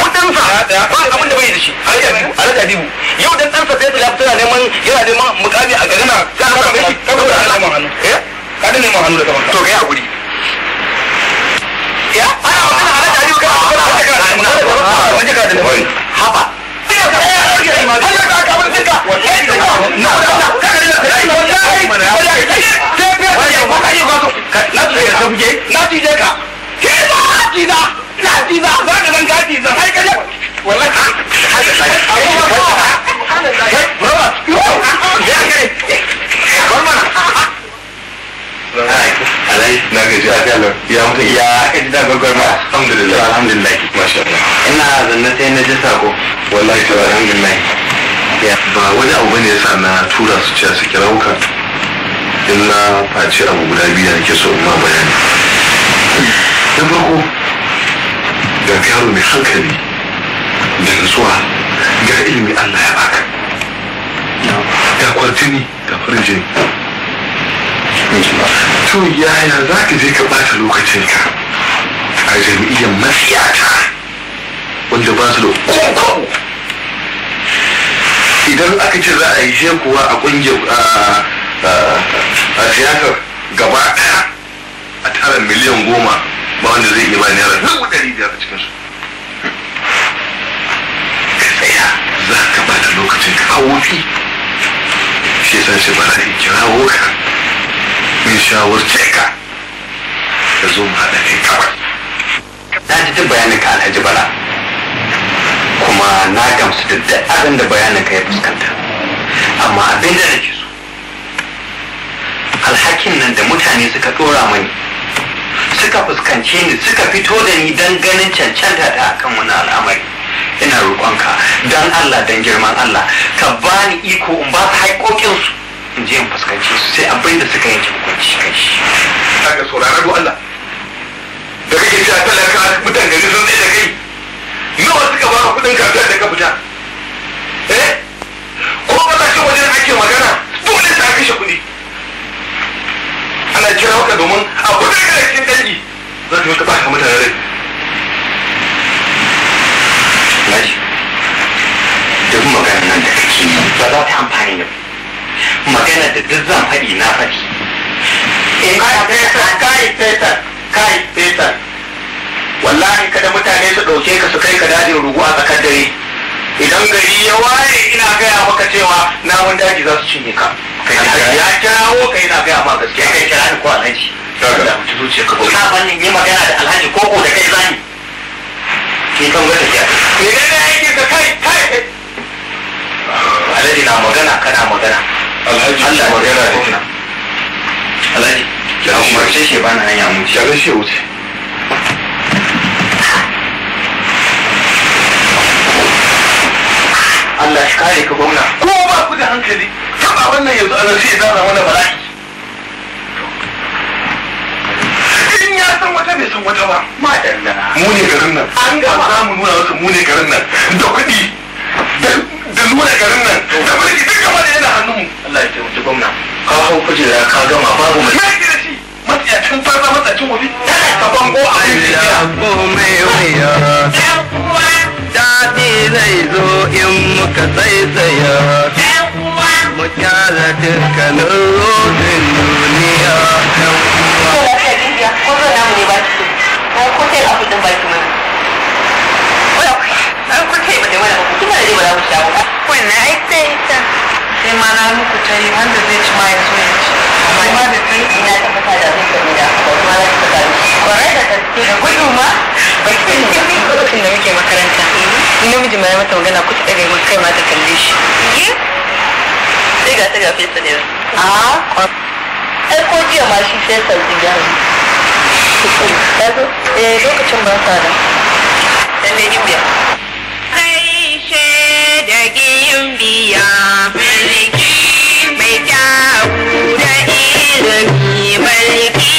mutunsa ba abin da bai da shi Alhaji Habibu yau dan ɗansa sai ya fita neman yana neman mukami a garin nan za ka ga shi saboda Allah hannu eh ka neman hannu da kamar to kai hakuri ya ana Vamos lá. alai na gaji a kallon ya mutu ya sai na sako ba wani abu bane na tura su ce su kira wuka in na face abu guda biyu da nake so ma bayani na farko ga yaro mai hankali da nutsuwa ga ilimi Allah ya baka ga kwartini ga farin jini karfin ba to yaya za ka je ka ɓata lokacinka a jam'iyyar mafiyata wanda ba su da koko idan aka ce za a yi shi kuwa a ƙungiyar a siyasar gaba ɗaya a tara miliyan goma ba wanda zai iya ba naira dubu ɗari biyar a cikinsu ka za ka bata lokacin ka a wuce shi san shi ba za a kirawo ka in shawarce ka ka zo mu da kai kawai na ji duk bayanin ka alhaji bala kuma na gamsu da abin da bayanin ka ya fuskanta amma abin da nake so alhakin nan da mutane suka ɗora mani suka fuskance ni suka fito da ni don ganin cancanta ta akan wani al'amari ina roƙonka don Allah don girman Allah ka bani iko in ba haƙoƙinsu in je in fuskance su sai abin da suka yanke hukunci kai shi kaga sauraron ruwan Allah da kake cewa talaka mutan gari sun tsaye da kai nawa suka ba ka kudin kasuwa da ka fita eh ko ba za shi wajen ake magana dole ta kashe kudi ana kira maka domin a kudin da cikin dangi za ta wata baka mutane rai da kuma magana nan da kake ba za ta amfani da magana da duk zan faɗi na faɗi kai fetar kai fesa. wallahi kada mutane su ɗauke ka su kai ka dajin rugu a tsakar dare idan gari ya waye ina gaya maka cewa namun daji za su cinye ka ya jawo ka ina gaya ma gaskiya kai kira ni ko alhaji ina ban yi magana da alhaji ko ko da kai zani ki kan gwada ya ne ne yake ka kai kai alhaji na magana kana magana alhaji Allah magana ne alhaji ya kuma sai shi bana hanya mu ya ga shi wuce Allah shi kare ka gwamna ko ba ku da hankali saba wannan yanzu ana sai ya zara mana bala'i in ya san wata bai san wata ba ma dalla mu ne garin nan an gama mu nuna masa mu ne garin nan da kuɗi da nuna garin nan da mulki duk gaba da yana mu Allah ya taimaki gwamna ka hau kujera ka gama babu mai mai da shi matsiyacin farfa matsiyacin wuri ka bango a yi da ko mai wuya daɗi zai zo in muka tsaitsaya mu kyala dukkanin rodin duniya ko ko ko a kudin ba ki ko ko da mana ba kuma da ba za ba wannan ai sai ita sai ma na muku ta yi wanda zai ci ma ya so ya ci amma da kai ina da abin da mu kuma za da gaske da gudu ba ki da lokacin da muke makaranta eh. namiji ma ya magana ku tsare mu kai ma ta kalle sai ga sai ga fesa ne ah? jiya ma shi fesa din ya yi lokacin ba sa da lalle indiya जगीम दिया मैं जाऊँ रही बल्कि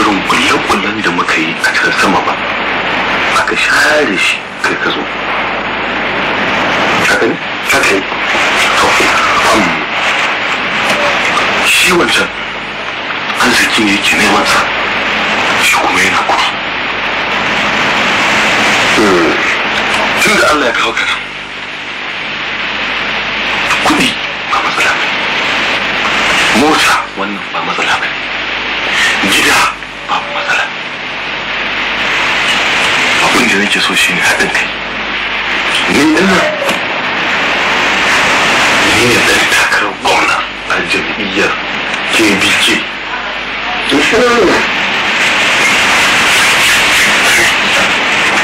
irin kulle-kullen da muka yi a can sama ba aka share shi kai ka zo haka ne? haka ne shi wancan arziki ne yake neman sa shi kuma yana kuma hmm. tun da Allah ya kawo kana kudi ba matsala ba mota wannan ba matsala ba gida abin da и a k e so shine haɗin kai ni ina ni ne ɗan takarar gwamna a jam'iyyar kbk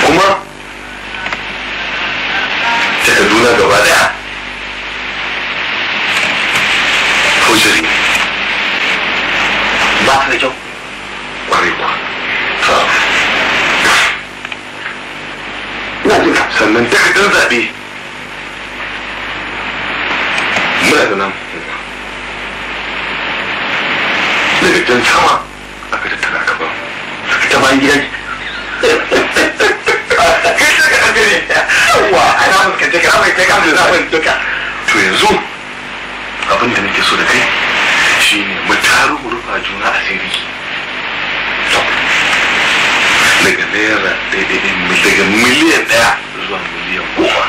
kuma takarduna gaba daya hujjari ba su sannan ta kan zaɓe muna da nan daga can sama aka tattara ka ba ta ma gida ne kai ta ka ɗan ne wa a na fuskanta ka amai ta kamar da zafin duka to yanzu abinda nake so da kai shi ne mu rufa juna a sirri لجميرة متجملية بتاع زنبلية وقوة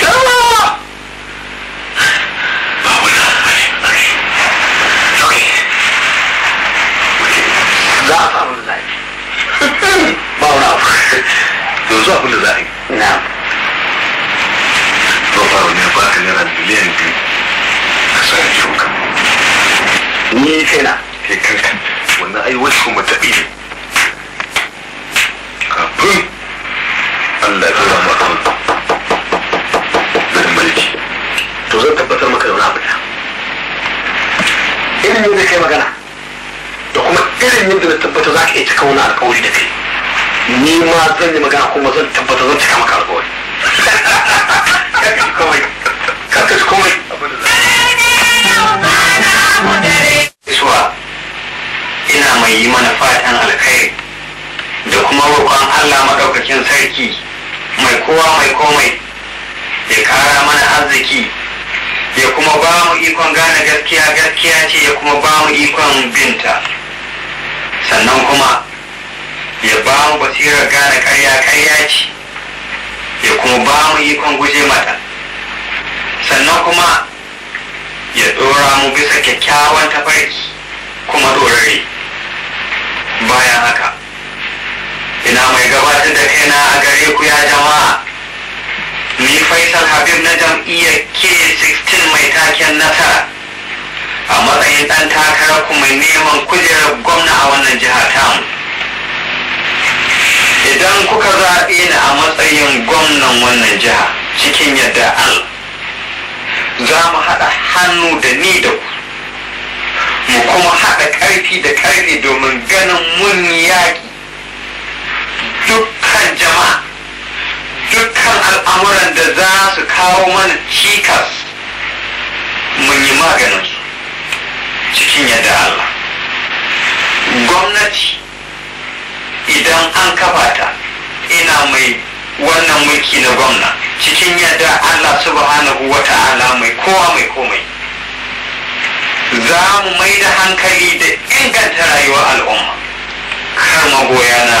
شباب يوزعه كل زعيم نعم رفعوا النفاق اللي رد ليه انت عشان يشوفك مين فينا هيك وانا اي وجهه متقيل kun Allah ya tura mu akan zan mulki to zan tabbatar maka da wani abu irin yadda kai magana da kuma irin yadda na tabbata za ka iya cika wani alkawari da kai ni ma zan yi magana kuma zan tabbata zan cika maka alkawari karka ci komai ina mai yi mana fatan kuma roƙon Allah maɗaukakin sarki mai kowa mai komai ya kara mana arziki ya kuma ba mu ikon gane gaskiya gaskiya ce ya kuma ba mu ikon binta sannan kuma ya ba mu basirar gane karya karya ce ya kuma ba mu ikon guje mata sannan kuma ya ɗora mu bisa kyakkyawan tafarki kuma dorare bayan haka ina mai gabatar da kaina a gare ku ya jama'a ni faisal habib na jam'iyyar k16 mai taken nasara a matsayin ɗan takarar ku mai neman kujerar gwamna a wannan jiha tamu idan kuka zaɓe ni a matsayin gwamnan wannan jiha cikin yadda al za mu haɗa hannu da ni da ku mu kuma haɗa ƙarfi da ƙarfi domin ganin mun yaƙi dukkan jama'a dukkan al'amuran da za su kawo mana cikas mun yi maganin su cikin yadda Allah gwamnati idan an kafa ta ina mai wannan mulki na gwamna cikin yadda Allah subhanahu wa ta'ala mai kowa mai komai za mu mai da hankali da inganta rayuwar al'umma kar magoya na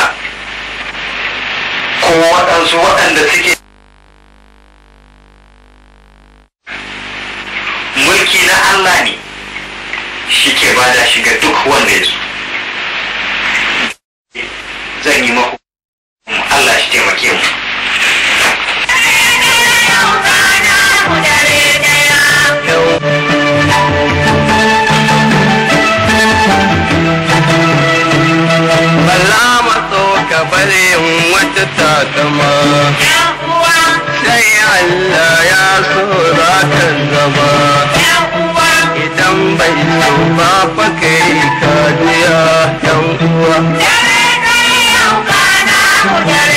ko waɗansu waɗanda suke mulki na Allah ne shi ke bada da shiga duk wanda ya zan yi maku Allah shi taimake mu Thank you. faɗama sai Allah ya so za ka zama idan bai so ba fa kai ka biya yan uwa. Dare dare yau kana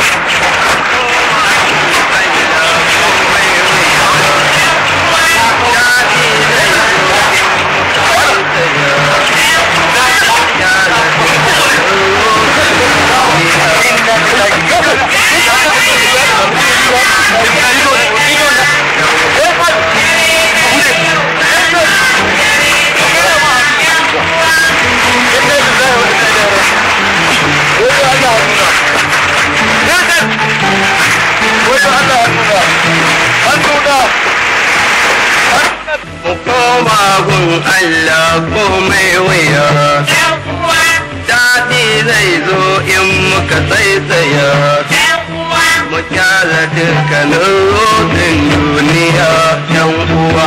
Thank you. Allah ko mai wuya daɗi zai zo in muka tsaitsaya mu kyala dukkanin rotun duniya yan uwa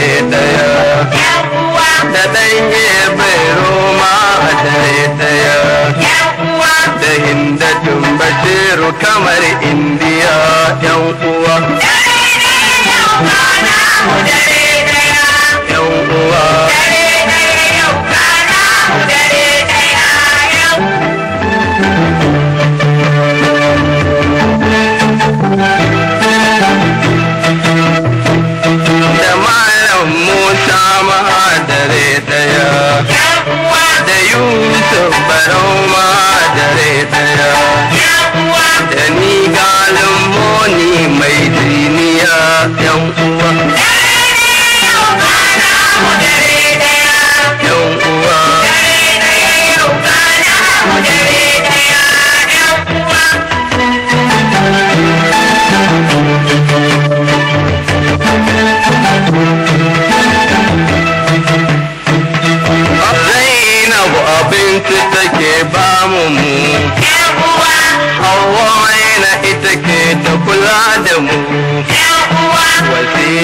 kamar indiya yan